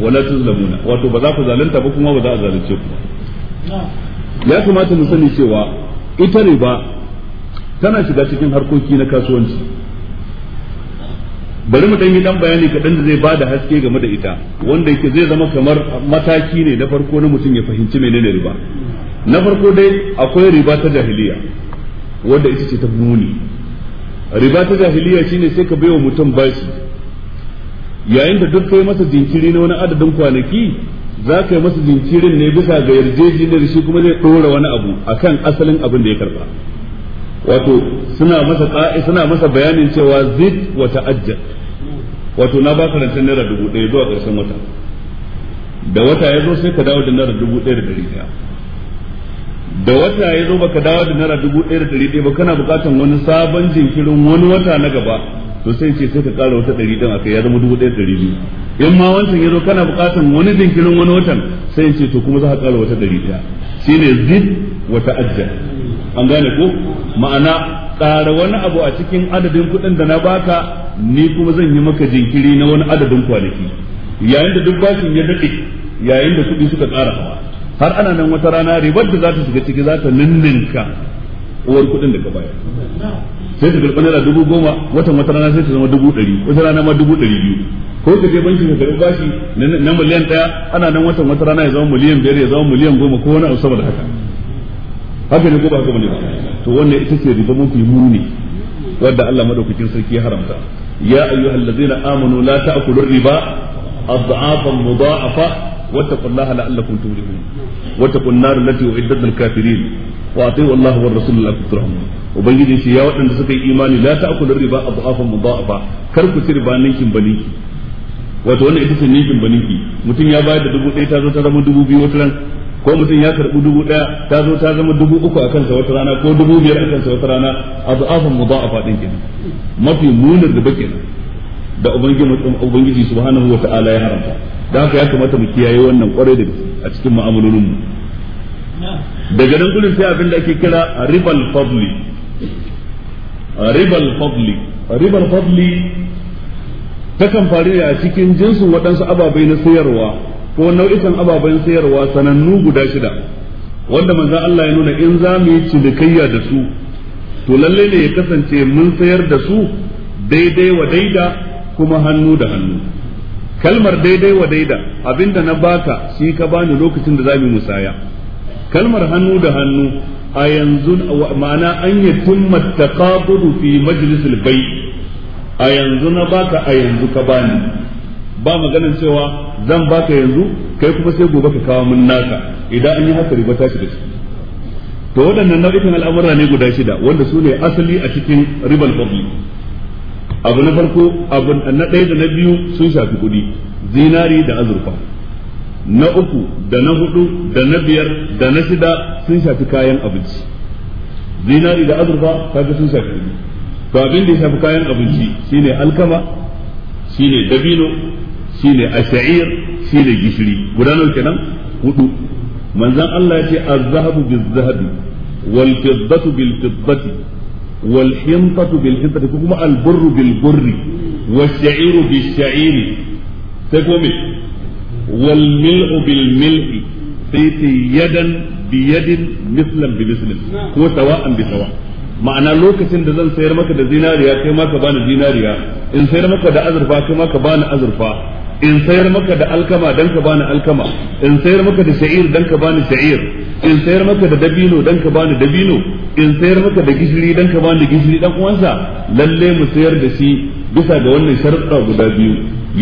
wa la tuzlamuna wato ba za ku zalunta ba kuma ba za a zalunce ku ya kamata mu sani cewa ita riba tana shiga cikin harkoki na kasuwanci bari mu yi dan bayani kaɗan da zai ba da haske game da ita wanda yake zai zama kamar mataki ne na farko na mutum ya fahimci menene riba na farko dai akwai riba ta jahiliya wadda ita ce ta muni riba ta jahiliya shine sai ka baiwa mutum bashi yayin da duk kai masa jinkiri na wani adadin kwanaki za ka yi masa jinkirin ne bisa ga yarjejeniyar shi kuma zai ɗora wani abu akan asalin abin da ya karba wato suna masa ka'i suna masa bayanin cewa zid wa ta'ajjal wato na baka rancen naira dubu ɗaya zuwa ƙarshen wata da wata ya zo sai ka dawo da naira dubu ɗaya da ɗari ɗaya da wata ya zo baka dawo da naira dubu ɗaya da ɗari ɗaya ba kana buƙatar wani sabon jinkirin wani wata na gaba to sai ce sai ka ƙara wata ɗari ɗin aka ya zama dubu ɗaya da ɗari biyu in ma wancan ya zo kana buƙatar wani jinkirin wani watan sai ce to kuma za ka ƙara wata ɗari ɗaya ne zid wa ajiya an gane ko ma'ana ƙara wani abu a cikin adadin kuɗin da na baka ni kuma zan yi maka jinkiri na wani adadin kwanaki yayin da duk bashin ya daɗe yayin da kuɗi suka ƙara hawa har ana nan wata rana ribar da za ta shiga ciki za ta ninninka uwar kuɗin da ka bayar sai ta karɓi naira dubu goma watan wata rana sai ta zama dubu ɗari wata rana ma dubu ɗari biyu ko ka je banki ka karɓi bashi na miliyan ɗaya ana nan watan wata rana ya zama miliyan biyar ya zama miliyan goma ko wani abu saboda haka haka ne ko ba haka bane ba to wannan ita ce riba mafi muni wadda Allah madaukakin sarki ya haramta ya ayyuhallazina amanu la ta'kulu riba adhafan mudha'afa واتقوا الله لعلكم تفلحون واتقوا النار التي أعدت للكافرين وأطيعوا الله والرسول لا تكرهون ubangiji shi ya waɗanda suka yi imani la ta'kulu riba adhafan mudha'afa kar ku ci riba ninkin baninki wato wannan ita ce ninkin baninki mutum ya bayar da dubu ɗaya ta zo ta zama dubu biyu wata ran ko mutum ya karɓi dubu ɗaya ta zo ta zama dubu uku a kansa wata rana ko dubu biyar a kansa wata rana adhafan mudha'afa din kenan mafi munar da bakin da ubangiji subhanahu wata'ala ya haramta da haka ya kamata mu kiyaye wannan kwarai da a cikin mu'amalolin mu daga nan gudun sai abin da ake kira ribal fadli ribal fadli ribal fadli takan faru a cikin jinsin waɗansu ababai na sayarwa ko nau'ikan ababen sayarwa sanannu guda shida wanda manzan Allah ya nuna in za mu yi cinikayya da su to lalle ne ya kasance mun sayar da su daidai wa daida kuma hannu da hannu kalmar daidai wa daida abinda na baka shi ka bani lokacin da zamu musaya kalmar hannu da hannu a yanzu ma'ana an yi tumma taqabudu fi majlisil bai a yanzu na baka a yanzu ka bani ba maganar cewa zan baka yanzu kai kuma sai gobe ka kawo mun naka idan an yi haka riba ta da shi. to waɗannan nau'ikan al'amura ne guda shida wanda su ne asali a cikin ribal fadli abu na farko abu na ɗaya da na biyu sun shafi kuɗi zinari da azurfa na uku da na hudu da na biyar da na shida sun shafi kayan abinci zinari da azurfa kaga sun shafi kuɗi to abin da ya shafi kayan abinci shine alkama shine dabino shine asha'ir shine gishiri guda nawa kenan hudu manzon Allah ya ce az-zahabu biz-zahabi wal fiddatu bil fiddati wal himtatu bil himtati ko kuma al burru bil burri was sha'iru bis sha'iri sai ko wal mil'u bil mil'i sai yadan bi yadin mislin ko bi sawa ma'ana lokacin da zan sayar maka da zinariya kai ma ka bani zinariya in sayar maka da azurfa kai ma ka bani azurfa in sayar maka da alkama dan ka bani alkama in sayar maka da sha'ir dan ka bani sha'ir in sayar maka da dabino dan ka bani dabino in sayar maka da gishiri dan ka bani gishiri dan uwansa lalle mu sayar da shi bisa ga wannan sharuɗa guda biyu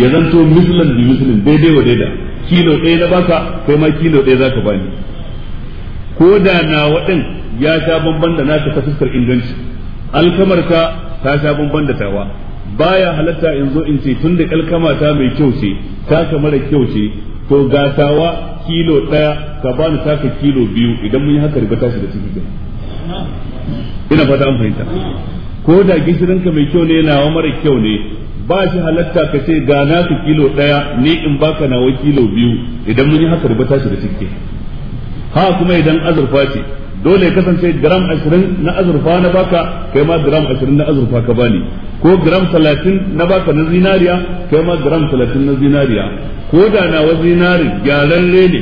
ya zanto mislan da mislin daidai wa daida kilo ɗaya na baka kai ma kilo ɗaya ka bani ko da na waɗin ya sha bamban da naka ta fuskar inganci alkamar ka ta sha bamban da tawa baya halatta in zo in ce tun da alkama ta mai kyau ce ta kamar kyau ce to gatawa kilo ɗaya ka ba ni saka kilo biyu idan mun yi haka riba tashi da ciki kenan ina fata an fahimta ko da gishirinka mai kyau ne nawa mara kyau ne ba shi halatta ka ce ga ka kilo ɗaya ni in baka nawa kilo biyu idan mun yi haka riba tashi da ciki ha kuma idan azurfa ce dole ya kasance gram 20 na azurfa na baka kai ma gram 20 na azurfa ka bani ko gram 30 na baka na zinariya kai ma gram 30 na zinariya ko da na wa zinari gyararre ne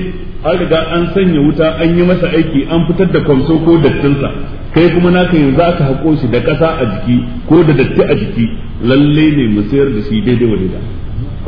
an riga an sanya wuta an yi masa aiki an fitar da kwamso ko dattinsa kai kuma naka yanzu ka haƙo shi da ƙasa a jiki ko da datti a jiki lalle ne mu sayar da shi daidai wa da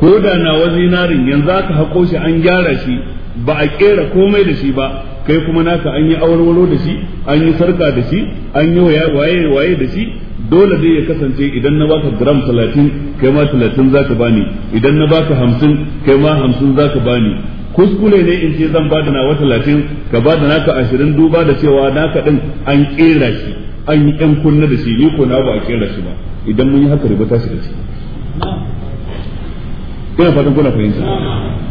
ko da na wa zinarin yanzu aka haƙo shi an gyara shi ba a kera komai da shi ba kai kuma naka an yi awarwaro da shi an yi sarka da shi an yi waye waye da shi dole dai ya kasance idan na baka gram 30 kai ma 30 zaka bani idan na baka 50 kai ma 50 zaka bani kuskure ne in ce zan bada nawa 30 ka bada naka 20 duba da cewa naka din an kera shi an yi yan kunna da shi ni ko na ba a kera shi ba idan mun yi haka riba ta shi da shi ina fatan kuna fahimta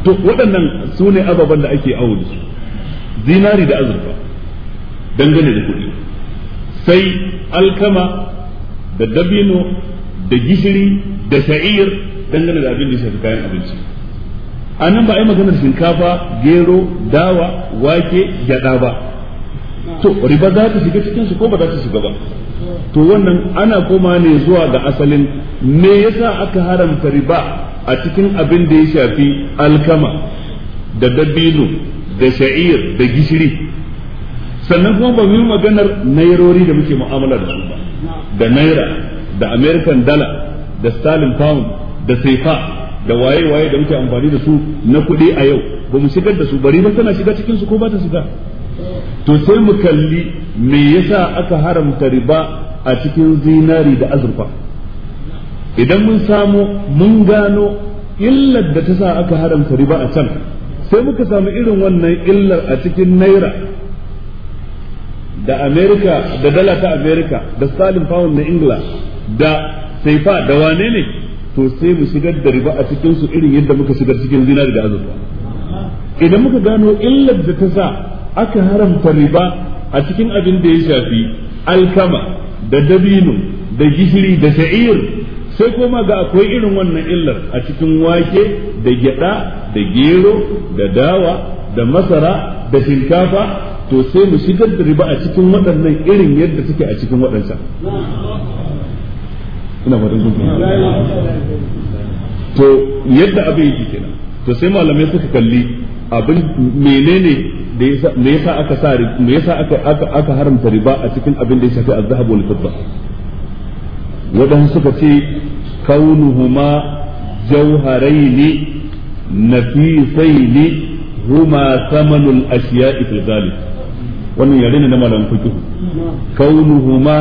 to waɗannan su ne ababen da ake awo da su zinari da azurfa dangane da kuɗi sai alkama da dabino da gishiri da sha'ir dangane da abin da shafi kayan abinci a nan ba a yi maganar shinkafa gero dawa wake gyaɗa ba to riba za ta shiga cikinsu ko ba za ta shiga ba to wannan ana koma ne zuwa ga asalin me yasa aka haramta riba a cikin abin da ya shafi alkama da dabino da sha'ir da gishiri sannan kuma ba mu yi maganar nairori da muke mu'amala da su ba da naira da american dollar da stalin pound da saifa da waye-waye da muke amfani da su na kuɗi a yau ba mu shigar da su bari ba tana shiga cikin su ko ba ta shiga to sai mu kalli me yasa aka haramta riba a cikin zinari da azurfa idan mun samu mun gano illar da ta sa aka haramta riba a can sai muka samu irin wannan illar a cikin naira da america da dala ta america da stalin pound na ingila da saifa da wane ne to sai mu shigar da riba a cikin irin yadda muka shigar cikin zinari da azurfa idan muka gano illar da ta sa aka haramta riba a cikin abin da ya shafi alkama da dabino da gishiri da sha'ir sai kuma ga akwai irin wannan illar a cikin wake da gyada da gero da dawa da masara da shinkafa to sai mu shigar da riba a cikin waɗannan irin yadda suke a cikin waɗansa ina to yadda abin yake kenan to sai malamai suka kalli abin menene da yasa me yasa aka sa me yasa aka aka aka haramta riba a cikin abin da ya shafi az-zahab wal fidda wadan suka ce kaunuhuma jawharaini nafisaini huma samanul ashiya'i fil ghalib wannan yare ne na malamin fiqh kaunuhuma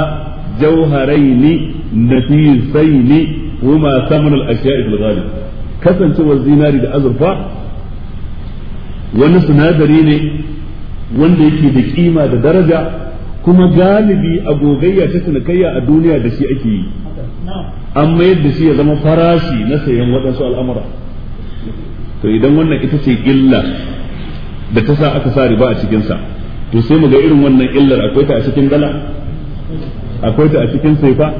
jawharaini nafisaini huma samanul ashiya'i fil ghalib kasancewar zinari da azurfa wani sinadari ne wanda yake da kima da daraja kuma galibi a gogayya ta cinikayya a duniya da shi ake yi amma yadda shi ya zama farashi na sayan waɗansu al'amura to idan wannan ita ce illa da ta sa aka sa riba a cikinsa to sai mu ga irin wannan illar akwai ta a cikin dala akwai ta a cikin saifa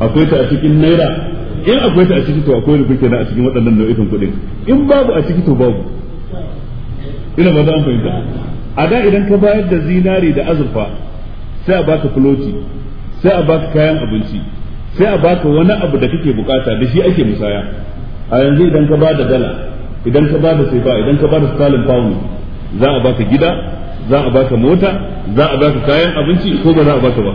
akwai ta a cikin naira in akwai ta a ciki to akwai rubuce na a cikin waɗannan nau'ikan kuɗin in babu a ciki to babu ina ba za mu fahimta a da idan ka bayar da zinari da azurfa sai a baka filoti sai a baka kayan abinci sai a baka wani abu da kake bukata da shi ake musaya a yanzu idan ka ba da dala idan ka ba da sai idan ka ba da sterling pound za a baka gida za a baka mota za a baka kayan abinci ko ba za a baka ba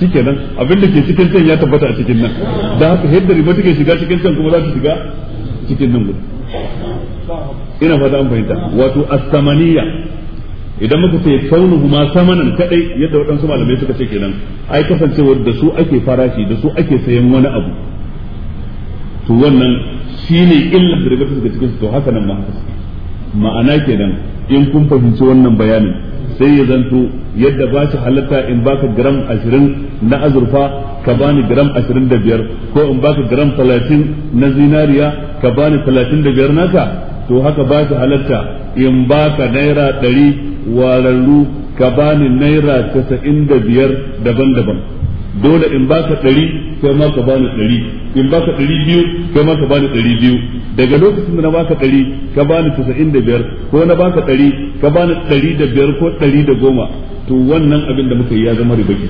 shikenan abin da ke cikin can ya tabbata a cikin nan da haka yadda riba take shiga cikin can kuma za ta shiga cikin nan gudu ina fata an fahimta wato as-samaniya idan muka ce kaunuhu ma samanan kadai yadda waɗansu malamai suka ce kenan ai kasancewar da su ake farashi da su ake sayan wani abu to wannan shine illa da rigar suka cikin su to haka nan ma haka ma'ana kenan in kun fahimci wannan bayanin sai ya zanto yadda ba shi halatta in baka gram 20 na azurfa ka bani gram 25 ko in baka gram 30 na zinariya ka bani 35 naka to haka ba shi halatta in ba ka naira ɗari wararru ka bani naira casa'in da biyar daban-daban dole in ba ka ɗari kai ma ka bani ɗari in ba ka ɗari biyu kai ma ka bani ɗari biyu daga lokacin da na ka ɗari ka bani casa'in da biyar ko na ba ka ɗari ka bani ɗari da biyar ko ɗari da goma to wannan abin da muka yi ya zama ribaki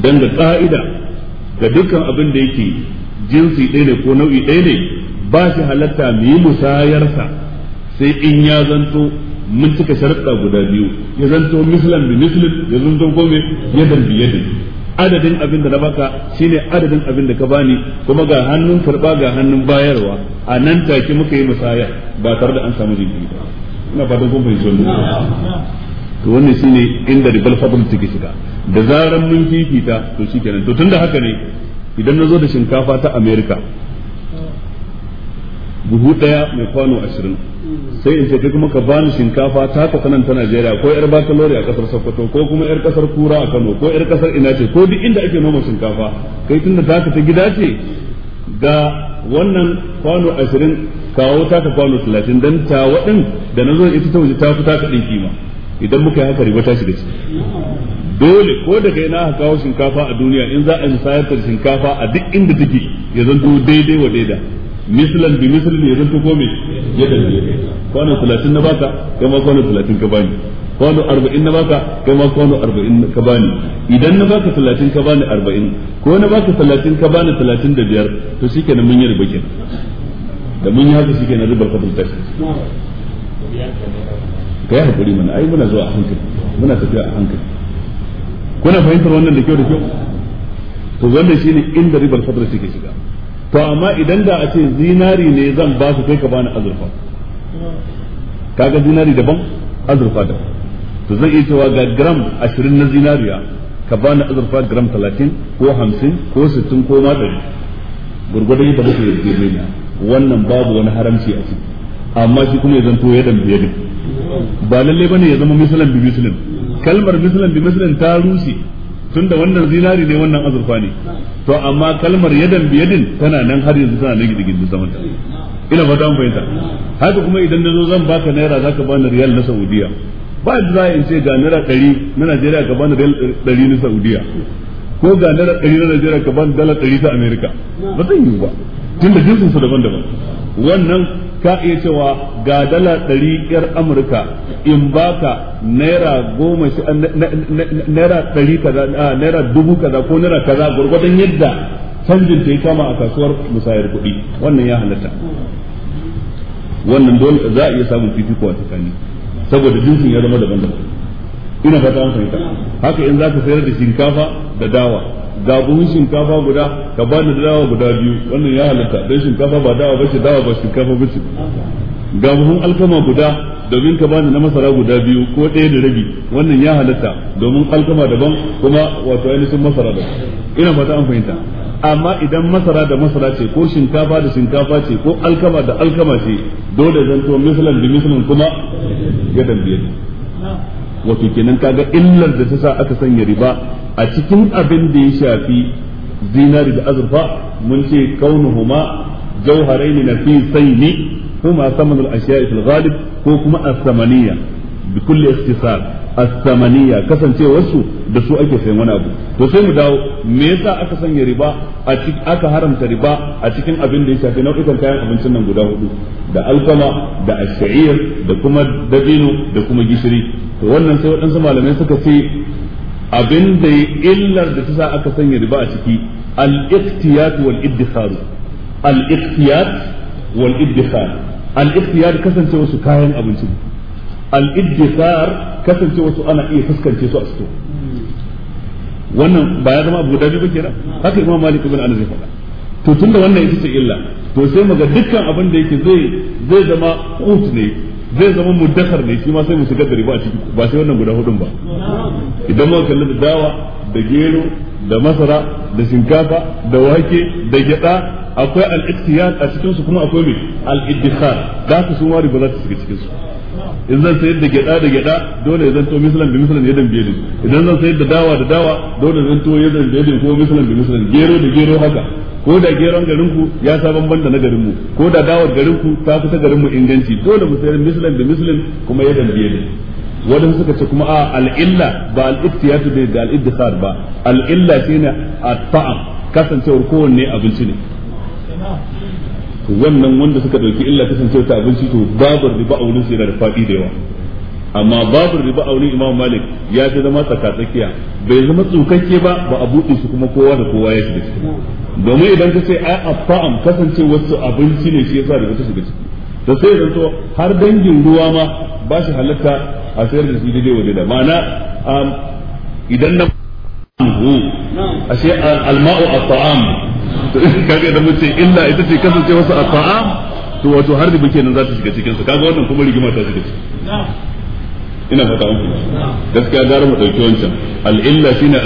dan da ƙa'ida ga dukkan abin da yake jinsi ɗaya ne ko nau'i ɗaya ne ba shi halatta mu yi musayarsa sai in ya zanto mun cika sharaɗa guda biyu ya zanto mislan bi mislin ya zanto gome yadan bi yadan adadin abin da na baka shine adadin abin da ka bani kuma ga hannun karba ga hannun bayarwa a nan take muka yi musaya ba tare da an samu jinki ba ina fatan kun fahimci wannan to wannan shine inda ribal fadl take shiga da zaran mun fifita to shikenan to tunda haka ne idan na zo da shinkafa ta america buhu daya mai kwano ashirin sai in ce kai kuma bani shinkafa ta ka sanan ta Najeriya ko yar bakalori a kasar Sokoto ko kuma yar kasar Kura a Kano ko yar kasar ina ce ko duk inda ake noma shinkafa kai tunda taka ta gida ce ga wannan kwano 20 kawo taka kwano 30 dan ta wadin da nazo ita ta waje ta ta ka din kima idan muka yi haka riba ta shiga ciki dole ko da kai na kawo shinkafa a duniya in za a yi misayar da shinkafa a duk inda take ya zanto daidai wa daida mislan bi mislin ya zanto ko me ya daidai kwano 30 na baka kai ma kwano 30 ka bani kwano arba'in na baka kai ma kwano 40 ka bani idan na baka 30 ka bani arba'in ko na baka 30 ka bani 35 to shikenan mun yi riba kenan da mun yi haka shikenan riba ka bulta kai hakuri mana ai muna zuwa a hankali muna tafiya a hankali kuna fahimtar wannan da kyau da kyau to wannan shine inda ribar fadar take shiga to amma idan da a ce zinari ne zan ba su kai ka bani azurfa kaga zinari daban azurfa daban to zan iya cewa ga gram 20 na zinariya ka bani azurfa gram 30 ko 50 ko 60 ko ma 100 gurgurdan yadda muke mai wannan babu wani haramci a ciki amma shi kuma ya zanto ya dambe ne ba lalle bane ya zama misalan bi misalin kalmar misalan bi misalin ta rushe tunda wannan zinari ne wannan azurfa ne to amma kalmar yadan biyadin tana nan har yanzu tana nan gidigin zaman ta ina ba ta fahimta haka kuma idan na zo zan baka naira zaka bani riyal na saudiya ba da za a in ce ga naira ɗari na najeriya ka bani riyal ɗari na saudiya ko ga naira ɗari na najeriya ka bani dala ɗari ta amerika ba zan yi ba tun da jinsinsu daban-daban wannan ka iya cewa ga dala ɗari yar amurka in baka naira goma shi naira ɗari kaza naira dubu kaza ko naira kaza gwargwadon yadda canjin ta yi kama a kasuwar musayar kuɗi wannan ya halatta wannan dole za a iya samun fifiko a tsakani saboda jinsin ya zama daban-daban ina fata an fahimta haka in ka sayar da shinkafa da dawa ga buhun shinkafa guda ka ba da dawa guda biyu wannan ya halatta dan shinkafa ba dawa bace dawa ba shinkafa bace ga buhun alkama guda domin ka bani na masara guda biyu ko ɗaya da rabi wannan ya halatta domin alkama daban kuma wato ainihin masara daban ina fata an fahimta amma idan masara da masara ce ko shinkafa da shinkafa ce ko alkama da alkama ce dole zan to misalan da misalan kuma ya dambiye wato kenan kaga illar da ta sa aka sanya riba a cikin abin da ya shafi zinari da azurfa mun ce kaunuhuma jawharaini nafisaini huma samanul ashiya'i fil ghalib ko kuma as-samaniya bi kulli ikhtisar as-samaniya kasancewar da su ake sayan wani abu to sai mu dawo me yasa aka sanya riba a cikin aka haramta riba a cikin abin da ya shafi nau'ikan kayan abincin nan guda hudu da alkama da ash'ir da kuma dabino da kuma gishiri to wannan sai waɗansu malamai suka ce abin da ya illar da ta sa aka sanya riba a ciki al-iqtiyat wal iddikharu al-iqtiyat wal iddikharu kayan abinci al-iddisar kasance wasu ana iya fuskance su a sito wannan ba ya zama abu guda biyu ba kenan haka imam malik ibn anas ya faɗa to tunda wannan ita ce illa to sai mu ga dukkan abin da yake zai zai zama qut ne zai zama muddakar ne shi ma sai mu shiga gari ba a ciki ba sai wannan guda hudun ba idan muka kalli da dawa da gero da masara da shinkafa da wake da gyada akwai al-iqtiyad a cikin su kuma akwai mai al-iddisar da su sun wari ba za su shiga cikin su in zan sayar da gyada da gyada dole ya zanto da bi ya yadan ni idan zan sayar da dawa da dawa dole zanto yadan biyadin ko mislan bi mislan gero da gero haka ko da geron garin ku ya sa bamban da na garin mu ko da dawar garin ku ta fi ta garin mu inganci dole mu sayar mislan bi mislan kuma yadan biyadin wadanda suka ce kuma a al'illa ba al'iftiyatu da al'iddisar ba al'illa shine at-ta'am kasancewar kowanne abinci ne wannan wanda suka dauki illa kasancewa ta abinci to babar riba a wurin yana da faɗi da yawa amma babar riba a wurin imam malik ya fi zama tsaka tsakiya bai zama tsukakke ba ba a buɗe su kuma kowa da kowa ya shiga ciki domin idan ka ce ai afa'am kasance wasu abinci ne shi yasa da ta shiga ciki Ta sai to har dangin ruwa ma ba shi halatta a sayar da su daidai wa daidai ma'ana idan na ashe al-ma'u at-ta'am kaga idan mun ce illa ita ce kasance wasu a ta'am to wato har riba kenan za ta shiga cikin su kaga wannan kuma rigima ta shiga ciki ina fata muku gaskiya gara mu dauki wancan al-illa shine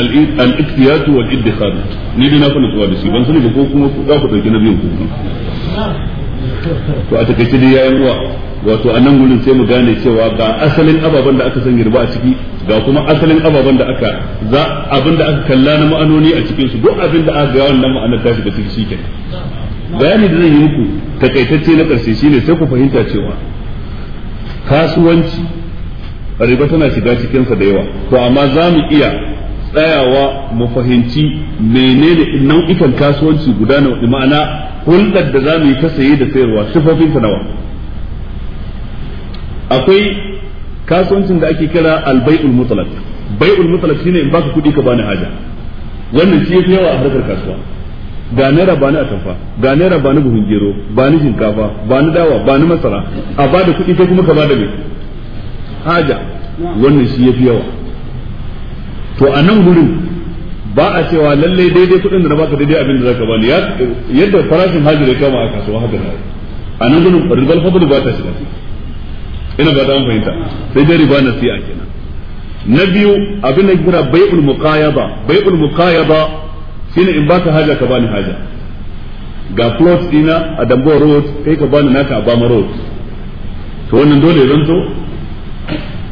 al-iktiyatu al wal-iddikhar ni dai na fa nutsuwa da shi ban sani ko kuma za ku dauki na biyu ku to a takaice dai yayin uwa wato a nan gurin sai mu gane cewa ga asalin ababen da aka san girba a ciki ga kuma asalin ababen da aka za abin da aka kalla na ma'anoni a cikin su duk abinda da aka ga wannan ma'anar ta shiga ciki shike bayani da zan yi muku takaitacce na karshe shine sai ku fahimta cewa kasuwanci riba tana shiga cikinsa da yawa to amma za mu iya tsayawa mu fahimci menene nau'ikan kasuwanci guda na ma'ana hulɗar da za mu yi ta saye da sayarwa sifofin ta nawa akwai kasuwancin da ake kira albai'ul mutlaq bai'ul mutlaq shine in baka kuɗi ka bani haja wannan shi yafi yawa a harkar kasuwa ga naira bani atamfa ga naira bani buhun gero bani shinkafa bani dawa bani masara a bada kuɗi kai kuma ka bada mai haja wannan shi yafi yawa to a nan gurin ba a cewa lallai daidai kudin da na baka daidai abin da zaka bani yadda farashin hajji da kama a kasuwa haka na a nan gudun ribar fadl ba ta shiga ina ba ta fahimta sai dai riba nasi'a kenan na biyu abin da kira bai'ul kaya bai'ul shi shine in baka haja ka bani haja ga plot dina a Dambo road kai ka bani naka a Bama road to wannan dole ya zanto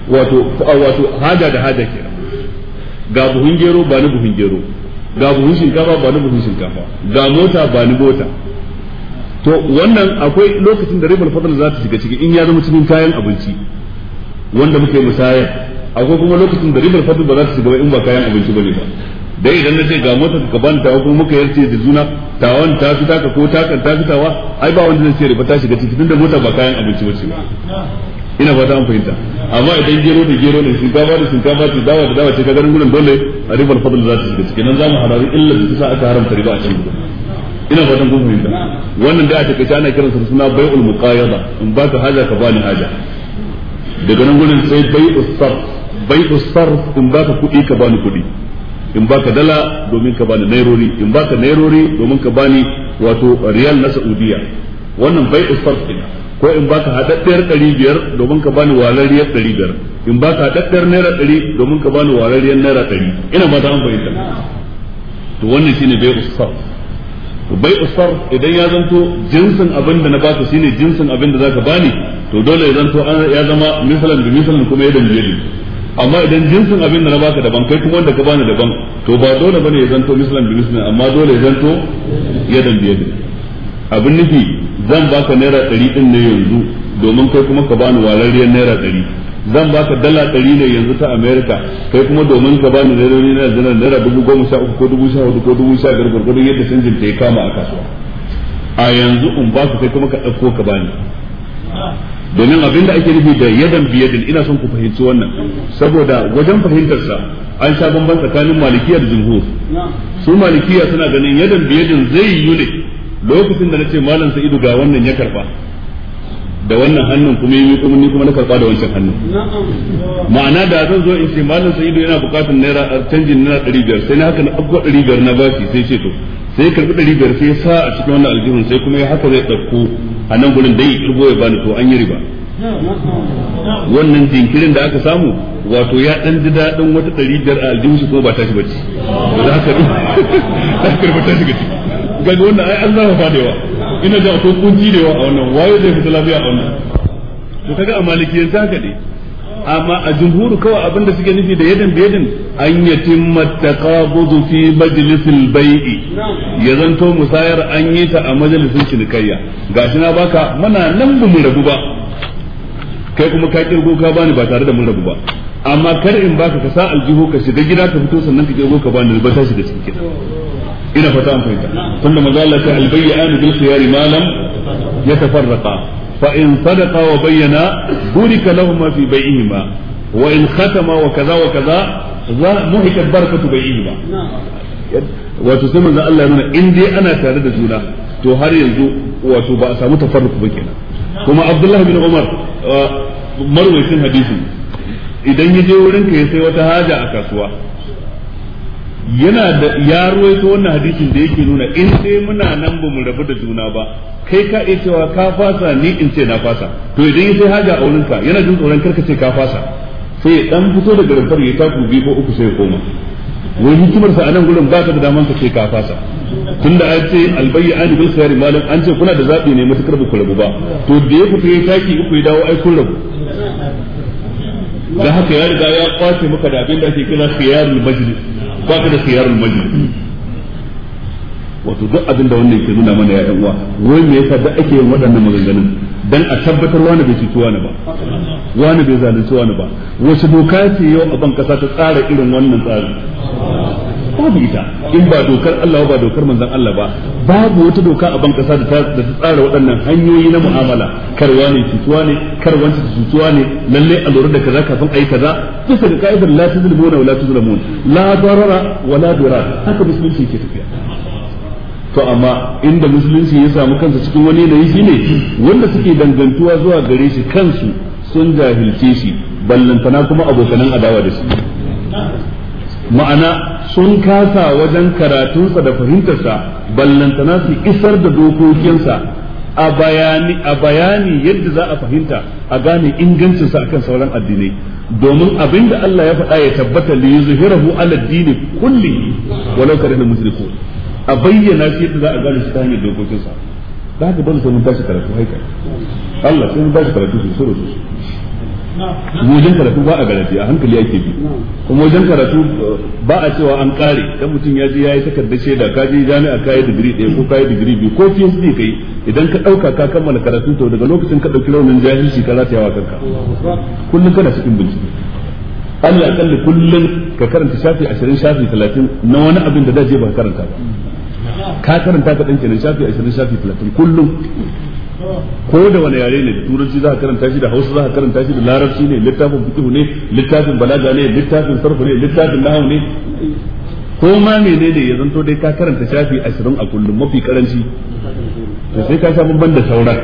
wato wato haja da haja kenan ga buhun gero ba ni buhun gero ga buhun shinkafa ba ni buhun shinkafa ga mota ba ni mota to wannan akwai lokacin da ribar fadl za ta shiga ciki in ya zama cikin kayan abinci wanda muke musayar akwai kuma lokacin da ribar fadl ba za ta shiga ba in ba kayan abinci bane ba dai idan na ce ga mota ka ban ta kuma muka yarce da juna tawan ta fita ka ko kan ta fitawa ai ba wanda zai ce riba ta shiga ciki tunda mota ba kayan abinci bace ba ina fata an fahimta amma idan gero da gero ne shinkafa da shinkafa ce dawa da dawa ce ka ganin gurin dole a ribar fadl za ta shiga cikin nan zamu harari illa da sa aka haramta riba a cikin gurin ina fatan kun fahimta wannan da aka kace ana kiransa da suna bai'ul muqayyada in ba ka haja ka bani haja daga nan gurin sai bai'us sarf bai'us sarf in ba ka kuɗi ka bani kuɗi in baka dala domin ka bani nairori in baka nairori domin ka bani wato riyal na saudiya wannan bai'us sarf kenan ko in baka haɗaɗɗiyar ɗari biyar domin ka bani walariyar ɗari biyar in baka haɗaɗɗiyar naira ɗari domin ka bani walariyar naira ɗari ina ba ta an fahimta to wannan shine bai to bai usfar idan ya zanto jinsin abin da na baka shine jinsin abin da zaka bani to dole ya zanto ya zama misalan da misalan kuma ya dalili amma idan jinsin abin da na baka daban kai kuma wanda ka bani daban to ba dole bane ya zanto misalan da misalan amma dole ya zanto ya dalili abin nufi zan baka naira ɗari ɗin ne yanzu domin kai kuma ka bani walariyar naira ɗari zan baka dala ɗari ne yanzu ta america kai kuma domin ka bani nairori na zanar naira dubu goma sha uku ko dubu sha hudu ko dubu sha biyar gwargwadon yadda canjin ta ya kama a kasuwa a yanzu in baka kai kuma ka ɗauko ka bani domin abin da ake nufi da yadan biyadin ina son ku fahimci wannan saboda wajen fahimtarsa an sha bamban tsakanin malikiya da jumhur su malikiya suna ganin yadan biyadin zai yi ne lokacin da nace malam sa'idu ga wannan ya karba da wannan hannun kuma yi kuma ni kuma na karba da wancan hannun ma'ana da zan zo in ce malam sa'idu yana bukatar naira canjin naira ɗari biyar sai na haka na ɗauko ɗari biyar na bashi sai ce to sai karbi ɗari biyar sai sa a cikin wannan aljihun sai kuma ya haka zai ɗauko a nan gurin dai ya kirgo ya bani to an yi riba wannan jinkirin da aka samu wato ya dan ji daɗin wata ɗari biyar a aljihun shi kuma ba tashi bacci ba za ka karbi ta shiga ciki ga wannan ai an zafa fadewa ina da to kun da yawa a wannan waye zai fita lafiya a wannan to kaga a yanzu zaka ne amma a jumhuru kawai abinda suke nufi da yadan yadan an yatim taqabudu fi majlisil bai'i ya zanto musayar an yi ta a majalisin cinikayya gashi na baka muna nan ba mu rabu ba kai kuma ka kirgo ka bani ba tare da mun rabu ba amma kar in baka ka sa aljihu ka shiga gida ka fito sannan ka kirgo ka bani ba ta shiga cikin ina fata an fahimta tunda magana Allah ta albayyana bil khiyari ma lam yatafarraqa fa in sadaqa wa bayyana burika lahum fi bay'ihima wa in khatama wa kaza wa kaza za muhikat barakatu bay'ihima wato sai manzo Allah ya nuna in dai ana tare da juna to har yanzu wato ba a samu tafarruku ba kenan kuma Abdullah bin Umar uh, marwayacin hadisi idan ya je wurin ka ya sai wata haja a kasuwa yana da ya ruwaito wannan hadisin da yake nuna in dai muna nan ba mu rabu da juna ba kai ka iya cewa ka fasa ni in ce na fasa to idan ya sai haja a wurinka yana jin tsoron karka ce ka fasa sai ya dan fito daga rumfar ya taku biyu ko uku sai ya koma wai hikimar sa a nan gurin baka da daman ka ce ka fasa tunda an ce albayyani bil khiyari malam an ce kuna da zabi ne matukar ba ku rabu ba to da ya fito ya taki uku ya dawo ai kun rabu da haka ya riga ya kwace maka da abin da ake kira khiyarul majlis ba ka da siyarul wato duk abin da wannan ke nuna mana ya uwa wai me yasa da ake yin waɗannan maganganun dan a tabbatar wani bai cuci wani ba wani bai zalunci wani ba wasu doka ce yau a ban kasa ta tsara irin wannan tsari babu ita in ba dokar Allah ba dokar manzon Allah ba babu wata doka a ban kasa da ta tsara waɗannan hanyoyi na mu'amala karwa ne cutuwa ne karwanci ne lalle a lura da kaza kafin ayi kaza bisa da ka'idar la tuzlimuna wa la tuzlamun la darara wa la dirar haka musulunci ke tafiya to amma inda musulunci ya samu kansa cikin wani yanayi shine wanda suke dangantuwa zuwa gare shi kansu sun jahilce shi ballantana kuma abokanan adawa da shi. ma'ana sun kasa wajen karatunsa da fahimtarsa ballantana su isar da dokokinsa a bayani a bayani yadda za a fahimta a gane ingancinsa akan sauran addinai domin abin da Allah ya faɗa ya tabbata li yuzhirahu ala dini kulli walau karihal mushrikun a bayyana shi yadda za a gane shi ta hanyar dokokin dokokinsa da haka dole sai mun tashi karatu haika Allah sai mun tashi karatu sosai sosai wajen karatu ba a garanti a hankali ake bi kuma wajen karatu uh, ba a cewa an kare dan mutum ya je yayi takardar shaida ka je jami'a ka yi digiri ɗaya ko ka yi digiri biyu ko PhD kai idan ka dauka ka kammala karatu to daga lokacin ka dauki raunin jahilci ka ratayawa kanka kullun kana cikin bincike Allah akalli kullun ka karanta shafi 20 shafi 30 na wani abin da da je ba karanta ba ka karanta ka dan kenan shafi 20 shafi 30 kullun ko da wani yare ne da turanci za ka karanta shi da hausa za ka karanta shi da larabci ne littafin fiqh ne littafin balaga ne littafin sarfu ne littafin nahwu ne ko ma menene ya zanto dai ka karanta shafi 20 a kullum mafi karanci to sai ka sha bamban da sauran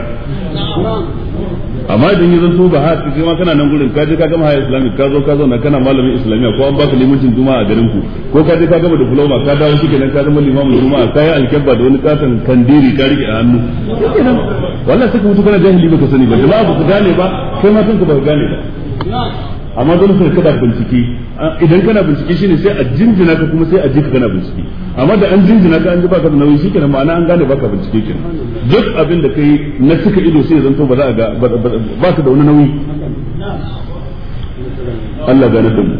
amma idan ya su ba haka kai ma kana nan gurin ka je ka gama haya islamic ka zo ka na kana malamin islamiya ko an baka limancin juma'a a garin ku ko ka je ka gama diploma ka dawo shi kenan ka zama limamin juma'a ka yi alkebba da wani katon kandiri ka rike a hannu wallahi suka mutu kana jahili baka sani ba jama'a ba ku gane ba kai ma kanka ba ku gane ba amma dole sai kada bincike idan kana bincike shine sai a jinjina ka kuma sai a ji ka kana bincike amma da an jinjina ka an ji baka da nauyi shikenan ma'ana an gane baka bincike kenan duk abin da kai na cika ido sai zanto ba za a ga baka da wani nauyi Allah gane da mu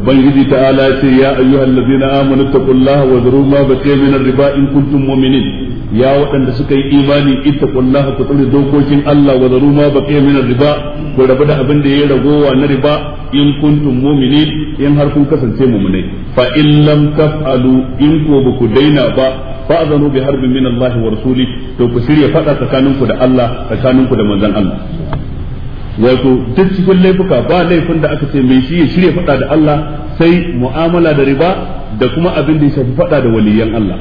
ubangiji ta'ala ce ya ayyuhallazina amanu taqullaha wa zaru ma baqiya min riba in kuntum mu'minin ya waɗanda suka yi imani ita ittaqullaha ku tsare dokokin Allah wa zaru ma baqiya min riba ku rabu da abin da ya ragowa na riba in kuntum mu'minin in har kun kasance mu'minai fa in lam taf'alu in ko ba ku daina ba fa'zanu bi harbin min Allah wa rasuli to ku shirya fada tsakaninku da Allah tsakaninku da manzon Allah wato duk cikin laifuka ba laifin da aka ce mai shi ya shirya fada da Allah sai mu'amala da riba da kuma abin da ya shafi fada da waliyan Allah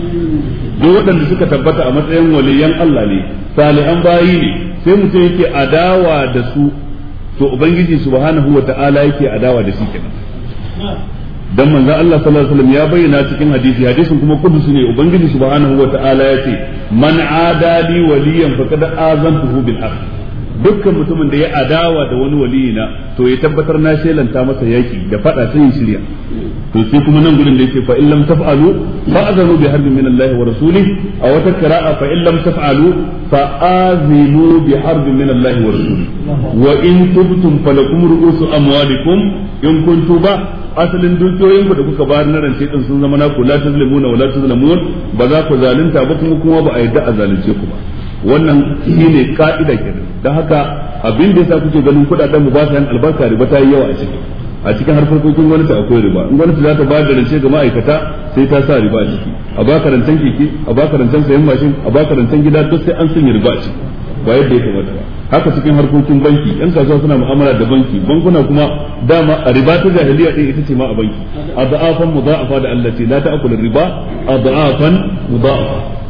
duk waɗanda suka tabbata a matsayin waliyan Allah ne salihan bayi ne sai mutum yake adawa da su to ubangiji subhanahu wata'ala yake adawa da shi kenan dan manzo Allah sallallahu alaihi wasallam ya bayyana cikin hadisi hadisin kuma kudusi ne ubangiji subhanahu wata'ala yace man adali waliyan faqad azantuhu bil akh dukkan mutumin da ya adawa da wani waliyi na to ya tabbatar na shelanta masa yaki da fada ta ya shirya to sai kuma nan gurin da yake fa illam taf'alu fa azanu bi harbin min Allah wa rasulih a wata qira'a fa illam taf'alu fa azinu bi harbin min Allah wa rasulih wa in tubtum falakum ru'usu amwalikum in kuntu ba asalin dukiyoyin ku da kuka bayar na rance din sun zama na la tazlimuna wa la tuzlamun ba za ku zalunta ba kuma ba a yadda a zalunce ku ba wannan ne ka'ida kenan don haka abin da yasa kuke ganin kudaden mu ba su yan albarka riba ta yi yawa a ciki a cikin harkokin gwamnati akwai riba in gwamnati za ta ba da rance ga ma'aikata sai ta sa riba a ciki a ba rancen keke a ba rancen sayan mashin a ba rancen gida duk sai an sanya riba a ciki ba yadda ya kamata ba haka cikin harkokin banki yan kasuwa suna mu'amala da banki bankuna kuma dama a riba ta jahiliya din ita ce ma a banki a da'afan mudha'afa da allati la ta'kulu riba a da'afan mudha'afa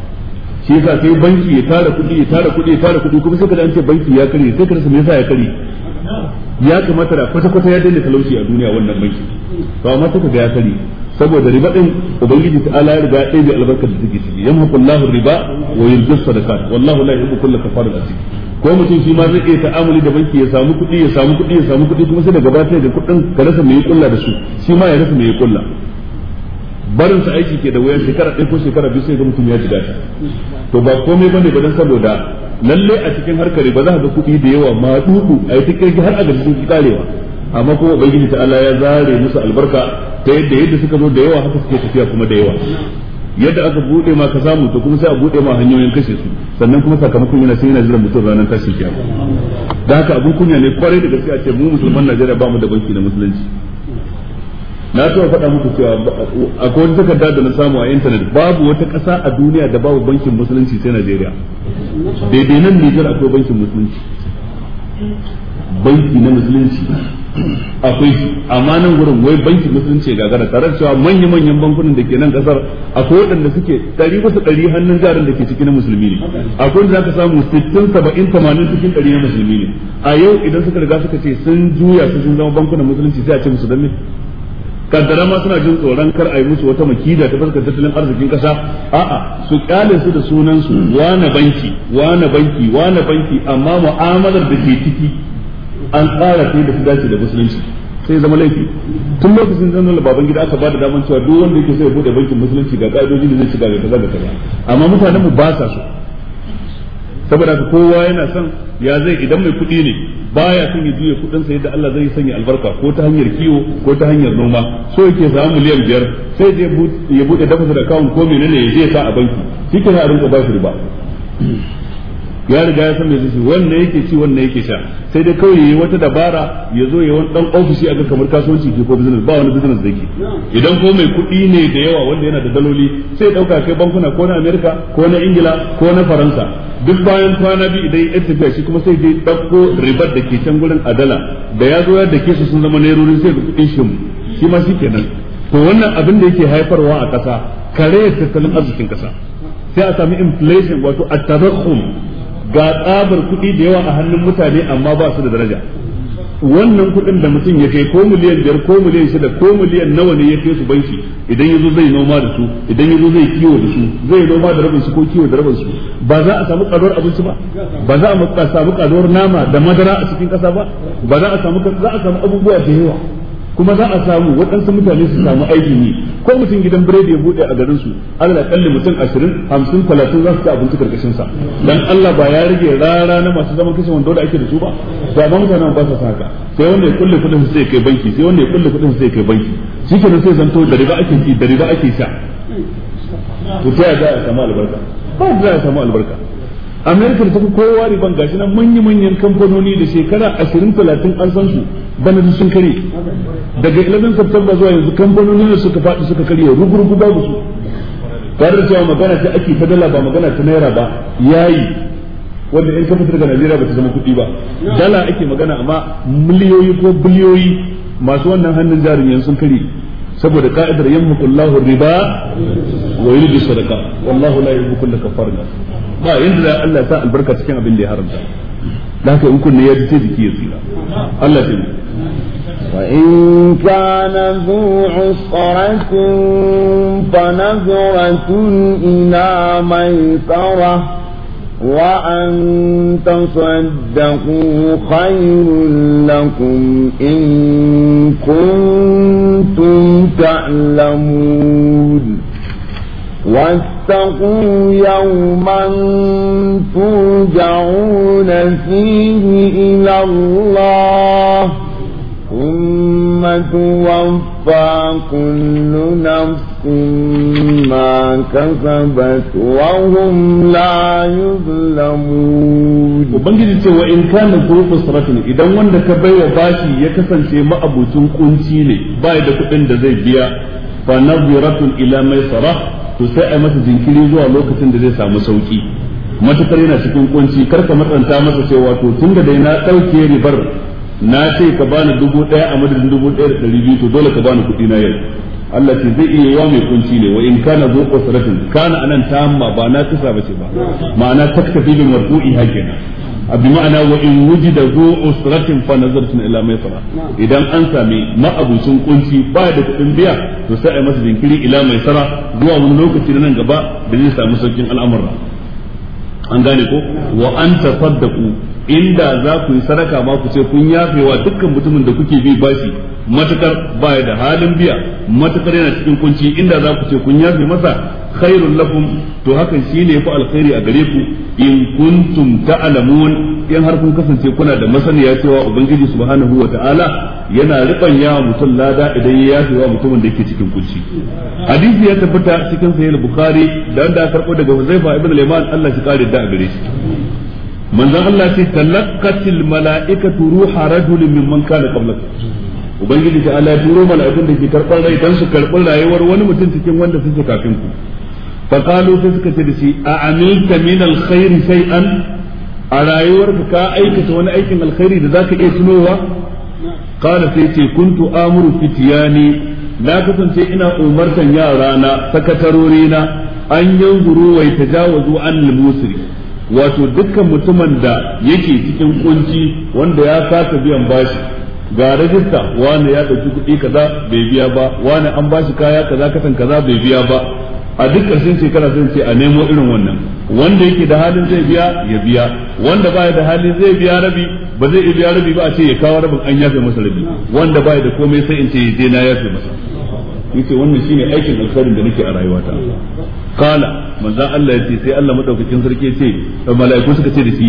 shi yasa sai banki ya tara kuɗi ya tara kuɗi ya tara kuɗi kuma sai kada an ce banki ya kare sai kada su me yasa ya kare ya kamata da kwata kwata ya daina talauci a duniya wannan banki to amma take ga ya kare saboda riba din ubangiji ta ala riba ɗaya bi albarkar da take ciki yamma kullahu riba wa yurzu sadaqat wallahu la yuhibbu kullu kafarin asik ko mutum shi ma zai iya ta'amuli da banki ya samu kuɗi ya samu kuɗi ya samu kuɗi kuma sai daga baya sai da kuɗin ka rasa me ya kulla da su shi ma ya rasa me ya kulla barin sa aiki ke da wuyan shekara ɗaya ko shekara biyu sai ga mutum ya ji daɗi to ba komai bane ba dan saboda lalle a cikin harkar ba za ka ga kuɗi da yawa ma dudu a yi cikin har a ga ki karewa amma kuma ubangiji ta Allah ya zare musu albarka ta yadda yadda suka zo da yawa haka suke tafiya kuma da yawa yadda aka bude ma ka samu to kuma sai a bude ma hanyoyin kashe su sannan kuma sakamakon yana sai yana jiran mutum ranar tashi kiyama da haka abun kunya ne kwarai da gaskiya ce mu musulman Najeriya ba mu da banki na musulunci na so faɗa muku cewa a wata takarda da na samu a intanet babu wata ƙasa a duniya da babu bankin musulunci sai Najeriya daidai nan Nijar akwai bankin musulunci banki na musulunci akwai shi amma nan gurin wai bankin musulunci gagara tare cewa manya-manyan bankunan da ke nan kasar akwai waɗanda suke ɗari wasu ɗari hannun jarin da ke ciki na musulmi ne akwai wanda zaka samu sittin saba'in tamanin cikin ɗari na musulmi ne a yau idan suka riga suka ce sun juya su sun zama bankunan musulunci sai a ce musu don kaddara ma suna jin tsoron kar a yi musu wata makida ta fuskar tattalin arzikin kasa a'a su kyale su da sunan su wane banki wane banki wane banki amma mu'amalar da ke ciki an tsara ta da su dace da musulunci sai zama laifi tun lokacin zan baban gida aka da daman cewa duk wanda yake sai bude bankin musulunci ga ka'idoji da zai shiga da kaza da kaza amma mutanen mu ba sa so saboda kowa yana son ya zai idan mai kuɗi ne baya son ya juya kudin sa yadda Allah zai sanya albarka ko ta hanyar kiwo ko ta hanyar noma so yake samu miliyan biyar sai je ya bude dafa da kawun ko menene ya je ta a banki shi ke rinka ba shi riba ya riga ya san mai zai wanda yake ci wanda yake sha sai dai kawai yayi wata dabara ya zo ya wani dan ofishi a ga kamar kasuwanci ke ko business ba wani business da ke idan ko mai kuɗi ne da yawa wanda yana da daloli sai dauka kai bankuna ko na America ko na Ingila ko na Faransa duk bayan kwana bi idan ya tafi shi kuma sai dai dauko ribar da ke can gurin adala da ya zo ya ke su sun zama nairorin sai da kuɗin shi shi ma shi kenan to wannan abin da yake haifarwa a kasa kare tattalin arzikin kasa sai a sami inflation wato at-tadakhum ga tsabar kuɗi da yawa a hannun mutane amma ba su da daraja wannan kuɗin da mutum ya kai ko miliyan biyar ko miliyan shida ko miliyan nawa ne ya kai su banki idan yazo zai noma da su idan yazo zai kiwo da su zai noma da rabin su ko kiwo da rabin su ba za a samu karuwar abinci ba ba za a samu karuwar nama da madara a cikin ƙasa ba ba za a samu za a samu abubuwa da yawa kuma za a samu waɗansu mutane su samu aiki ne ko mutum gidan biredi ya buɗe a garin su Allah kalli mutum ashirin hamsin talatin za su ci abinci karkashin sa dan Allah ba ya rage rara na masu zaman kashe wando da ake da su ba ba amma mutane ba su saka sai wanda ya kulle kudin sai kai banki sai wanda ya kulle kudin sai kai banki shikenan sai zanto da riba ake ci da riba ake sha to sai za a samu albarka ba da a samu albarka Amerika da ta fi kowa riban gashi nan manya-manyan kamfanoni da shekara 20-30 an san su bana duk sun kare daga 11 September zuwa yanzu kamfanonin suka faɗi suka kare rugurugu babu su tare cewa magana ta ake ta dala ba magana ta naira ba yayi wanda in ka daga Najeriya ba ta zama kuɗi ba dala ake magana amma miliyoyi ko biliyoyi masu wannan hannun jarin sun kare saboda ka'idar yamhuqullahu riba wa yuridu sadaqa wallahu la yuhibbu kulla kaffarin ba yanda da Allah ya sa albarka cikin abin da ya haramta dan haka in kunne ya ji jiki ya tsira Allah ya وإن كان ذو عسرة فنظرة إلى ميسرة وأن تصدقوا خير لكم إن كنتم تعلمون واتقوا يوما ترجعون فيه إلى الله ثم توفى كل نفس ما كسبت وهم لا يظلمون وبنجي ce wa in kana zurufu sarafin idan wanda ka baiwa bashi ya kasance ma'abucin kunci ne bai da kuɗin da zai biya fa naziratun ila maisara to sai a masa jinkiri zuwa lokacin da zai samu sauƙi. matukar yana cikin kunci kar ka matsanta masa cewa to tun dai daina ɗauke ribar na ce ka bani dubu ɗaya a madadin dubu ɗaya da ɗari biyu to dole ka bani kuɗi na yau Allah ce zai iya yawa mai kunci ne wa in kana zo qasratin kana anan tamma ba na ba ce ba ma'ana taktafi bil marfu'i hakina abi ma'ana wa in wuji da zo usratin fa nazartun ila sara idan an sami ma'abucin kunci ba da kuɗin biya to sai a masa jinkiri ila mai sara. zuwa wani lokaci nan gaba da zai samu saukin al'amura an gane ko wa anta tasaddaqu inda za ku yi sadaka ma ku ce kun yafewa dukkan mutumin da kuke bi bashi matukar baya da halin biya matukar yana cikin kunci inda za ku ce kun yafe masa khairul lakum to hakan shine yafi alkhairi a gare ku in kuntum ta'lamun in har kun kasance kuna da masaniya cewa ubangiji subhanahu ta'ala yana ribanya ya mutum lada idan ya yafe wa mutumin da yake cikin kunci hadisi ya tabbata cikin sahih bukhari da wanda karbo daga Huzaifa ibn Liman Allah shi kare da a gare shi manzon Allah sai talaqqatil mala'ikatu ruha min mimman kana qablaka ubangiji ta Allah turo mala'ikun da ke karban rai dan su karɓi rayuwar wani mutum cikin wanda suke kafin ku fa sai suka ce da shi a amilta min sai shay'an a rayuwar ka aikata wani aikin alkhairi da zaka iya tunowa qala sai ce kuntu amuru fitiyani na kasance ina umartan yarana sakatarorina an yanzuru wa tajawazu an musri wato dukkan mutumin da yake cikin kunci wanda ya kasa biyan bashi ga rajista wani ya ɗauki kuɗi kaza bai biya ba wani an bashi kaya kaza kasan kaza bai biya ba a duk ƙarshen shekara sun ce a nemo irin wannan wanda yake da halin zai biya ya biya wanda baya da hali zai biya rabi ba zai iya biya rabi ba a ce ya kawo rabin an yafe masa rabi wanda baya da komai sai in ce ya je na yafe masa yace wannan shine aikin alkhairin da nake a rayuwata Kala. manzan Allah ya ce sai Allah madaukakin sarki ya ce mala'iku suka ce da shi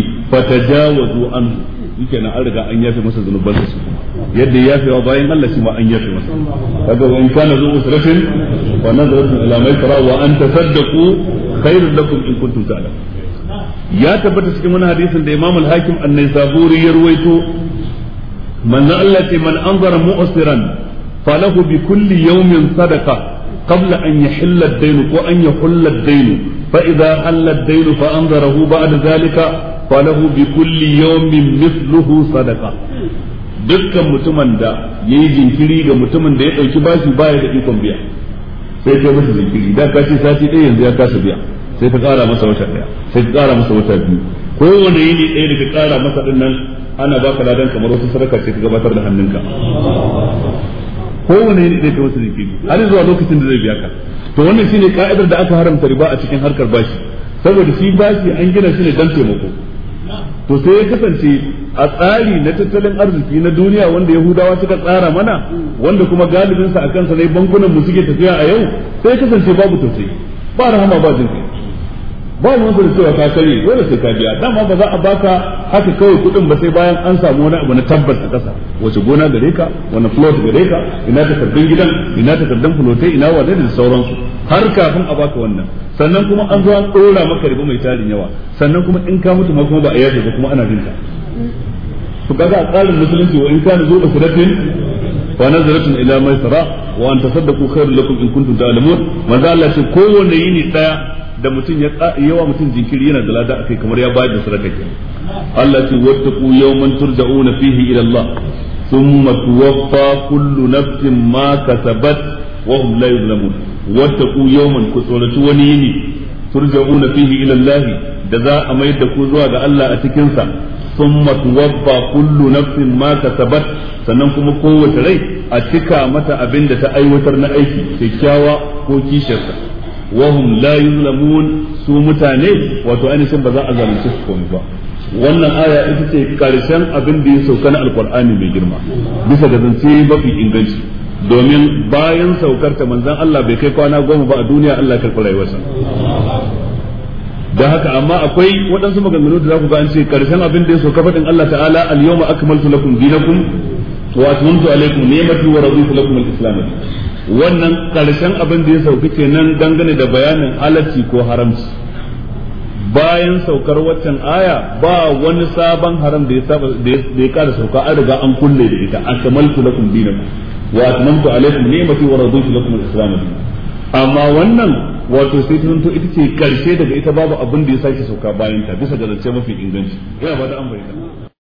yake na an riga an yafe masa zunuban su yadda yafe wa bayan Allah shi ma an yafe masa kaga in kana wa ila wa an tasaddaqu khairul lakum in kuntum ya tabbata cikin wani hadisin da Imam al-Hakim an-Naisaburi ya ruwaito Allah ce man anzara mu'siran falahu bi kulli yawmin sadaqah قبل أن يحل الدين وأن يحل الدين فإذا حل الدين فأنظره بعد ذلك فله بكل يوم مثله صدقة dukkan mutumin da ya yi jinkiri ga mutumin da ya ɗauki bashi baya da ikon biya sai ka masa jinkiri da ka ce sati ɗaya yanzu ya kasa biya sai ka ƙara masa wata ɗaya sai ka ƙara masa wata biyu ko wanda yini ɗaya da ka ƙara masa ɗin nan ana ba baka ladan kamar wasu sadaka ce ka gabatar da hannunka kowane ne zai kai wasu jiki har zuwa lokacin da zai biya ka to wannan shine ka'idar da aka haramta riba a cikin harkar bashi saboda shi bashi an gina shi ne dan taimako to sai ya kasance a tsari na tattalin arziki na duniya wanda yahudawa suka tsara mana wanda kuma galibinsa a kansa ne bankunan mu suke tafiya a yau sai ya kasance babu tausayi ba rahama ba jinkai ba mu da cewa ka kare dole sai ka biya dama ba za a baka haka kawai kuɗin ba sai bayan an samu wani abu na tabbas a ƙasa wace gona gare ka wani float gare ka ina takardun gidan ina takardun float ina wadai da sauransu har kafin a baka wannan sannan kuma an zo an dora maka riba mai tarin yawa sannan kuma in ka mutu ma kuma ba a yarda ba kuma ana jin ka to kaga a tsarin musulunci wa in ka zo da basiratin wa nazaratun ila maisara wa an tasaddaqu khairul lakum in kuntum ta'lamun manzo Allah ce kowanne yini daya da mutum ya yawa mutum jinkiri yana da lada akai kamar ya bayar da sadaka kenan Allah ce wattaqu yawman turja'una fihi ila Allah thumma tuwaffa kullu nafsin ma kasabat wa hum la yuzlamun wattaqu yawman ku tsoratu wani yini turja'una fihi ila Allah da za a mai da ku zuwa ga Allah a cikin sa thumma tuwaffa kullu nafsin ma kasabat sannan kuma kowace rai a cika mata abin da ta aiwatar na aiki kyakkyawa ko kishirsa wahum la yuzlamun su mutane wato ainihin ba za a zalunce komai ba wannan aya ita ce karshen abin da ya sauka na alkur'ani mai girma bisa ga zance mafi inganci domin bayan saukar ta manzon Allah bai kai kwana goma ba a duniya Allah ya karɓi rayuwarsa da haka amma akwai waɗansu maganganu da za ku ga an ce karshen abin da ya sauka faɗin Allah ta'ala al-yawma akmaltu lakum dinakum wa atmamtu alaykum ni'mati wa raditu lakum al wannan karshen abin da ya sauki ce nan dangane da bayanin halarci ko haramci bayan saukar waccan aya ba wani sabon haram da ya kada sauka an riga an kulle da ita su lakum dinakum wa atmamtu alaykum ni'mati wa raditu lakum al-islam amma wannan wato sai to ita ce karshe daga ita babu abin da ya sake sauka bayan ta bisa ga zance mafi inganci ina ba da an bayyana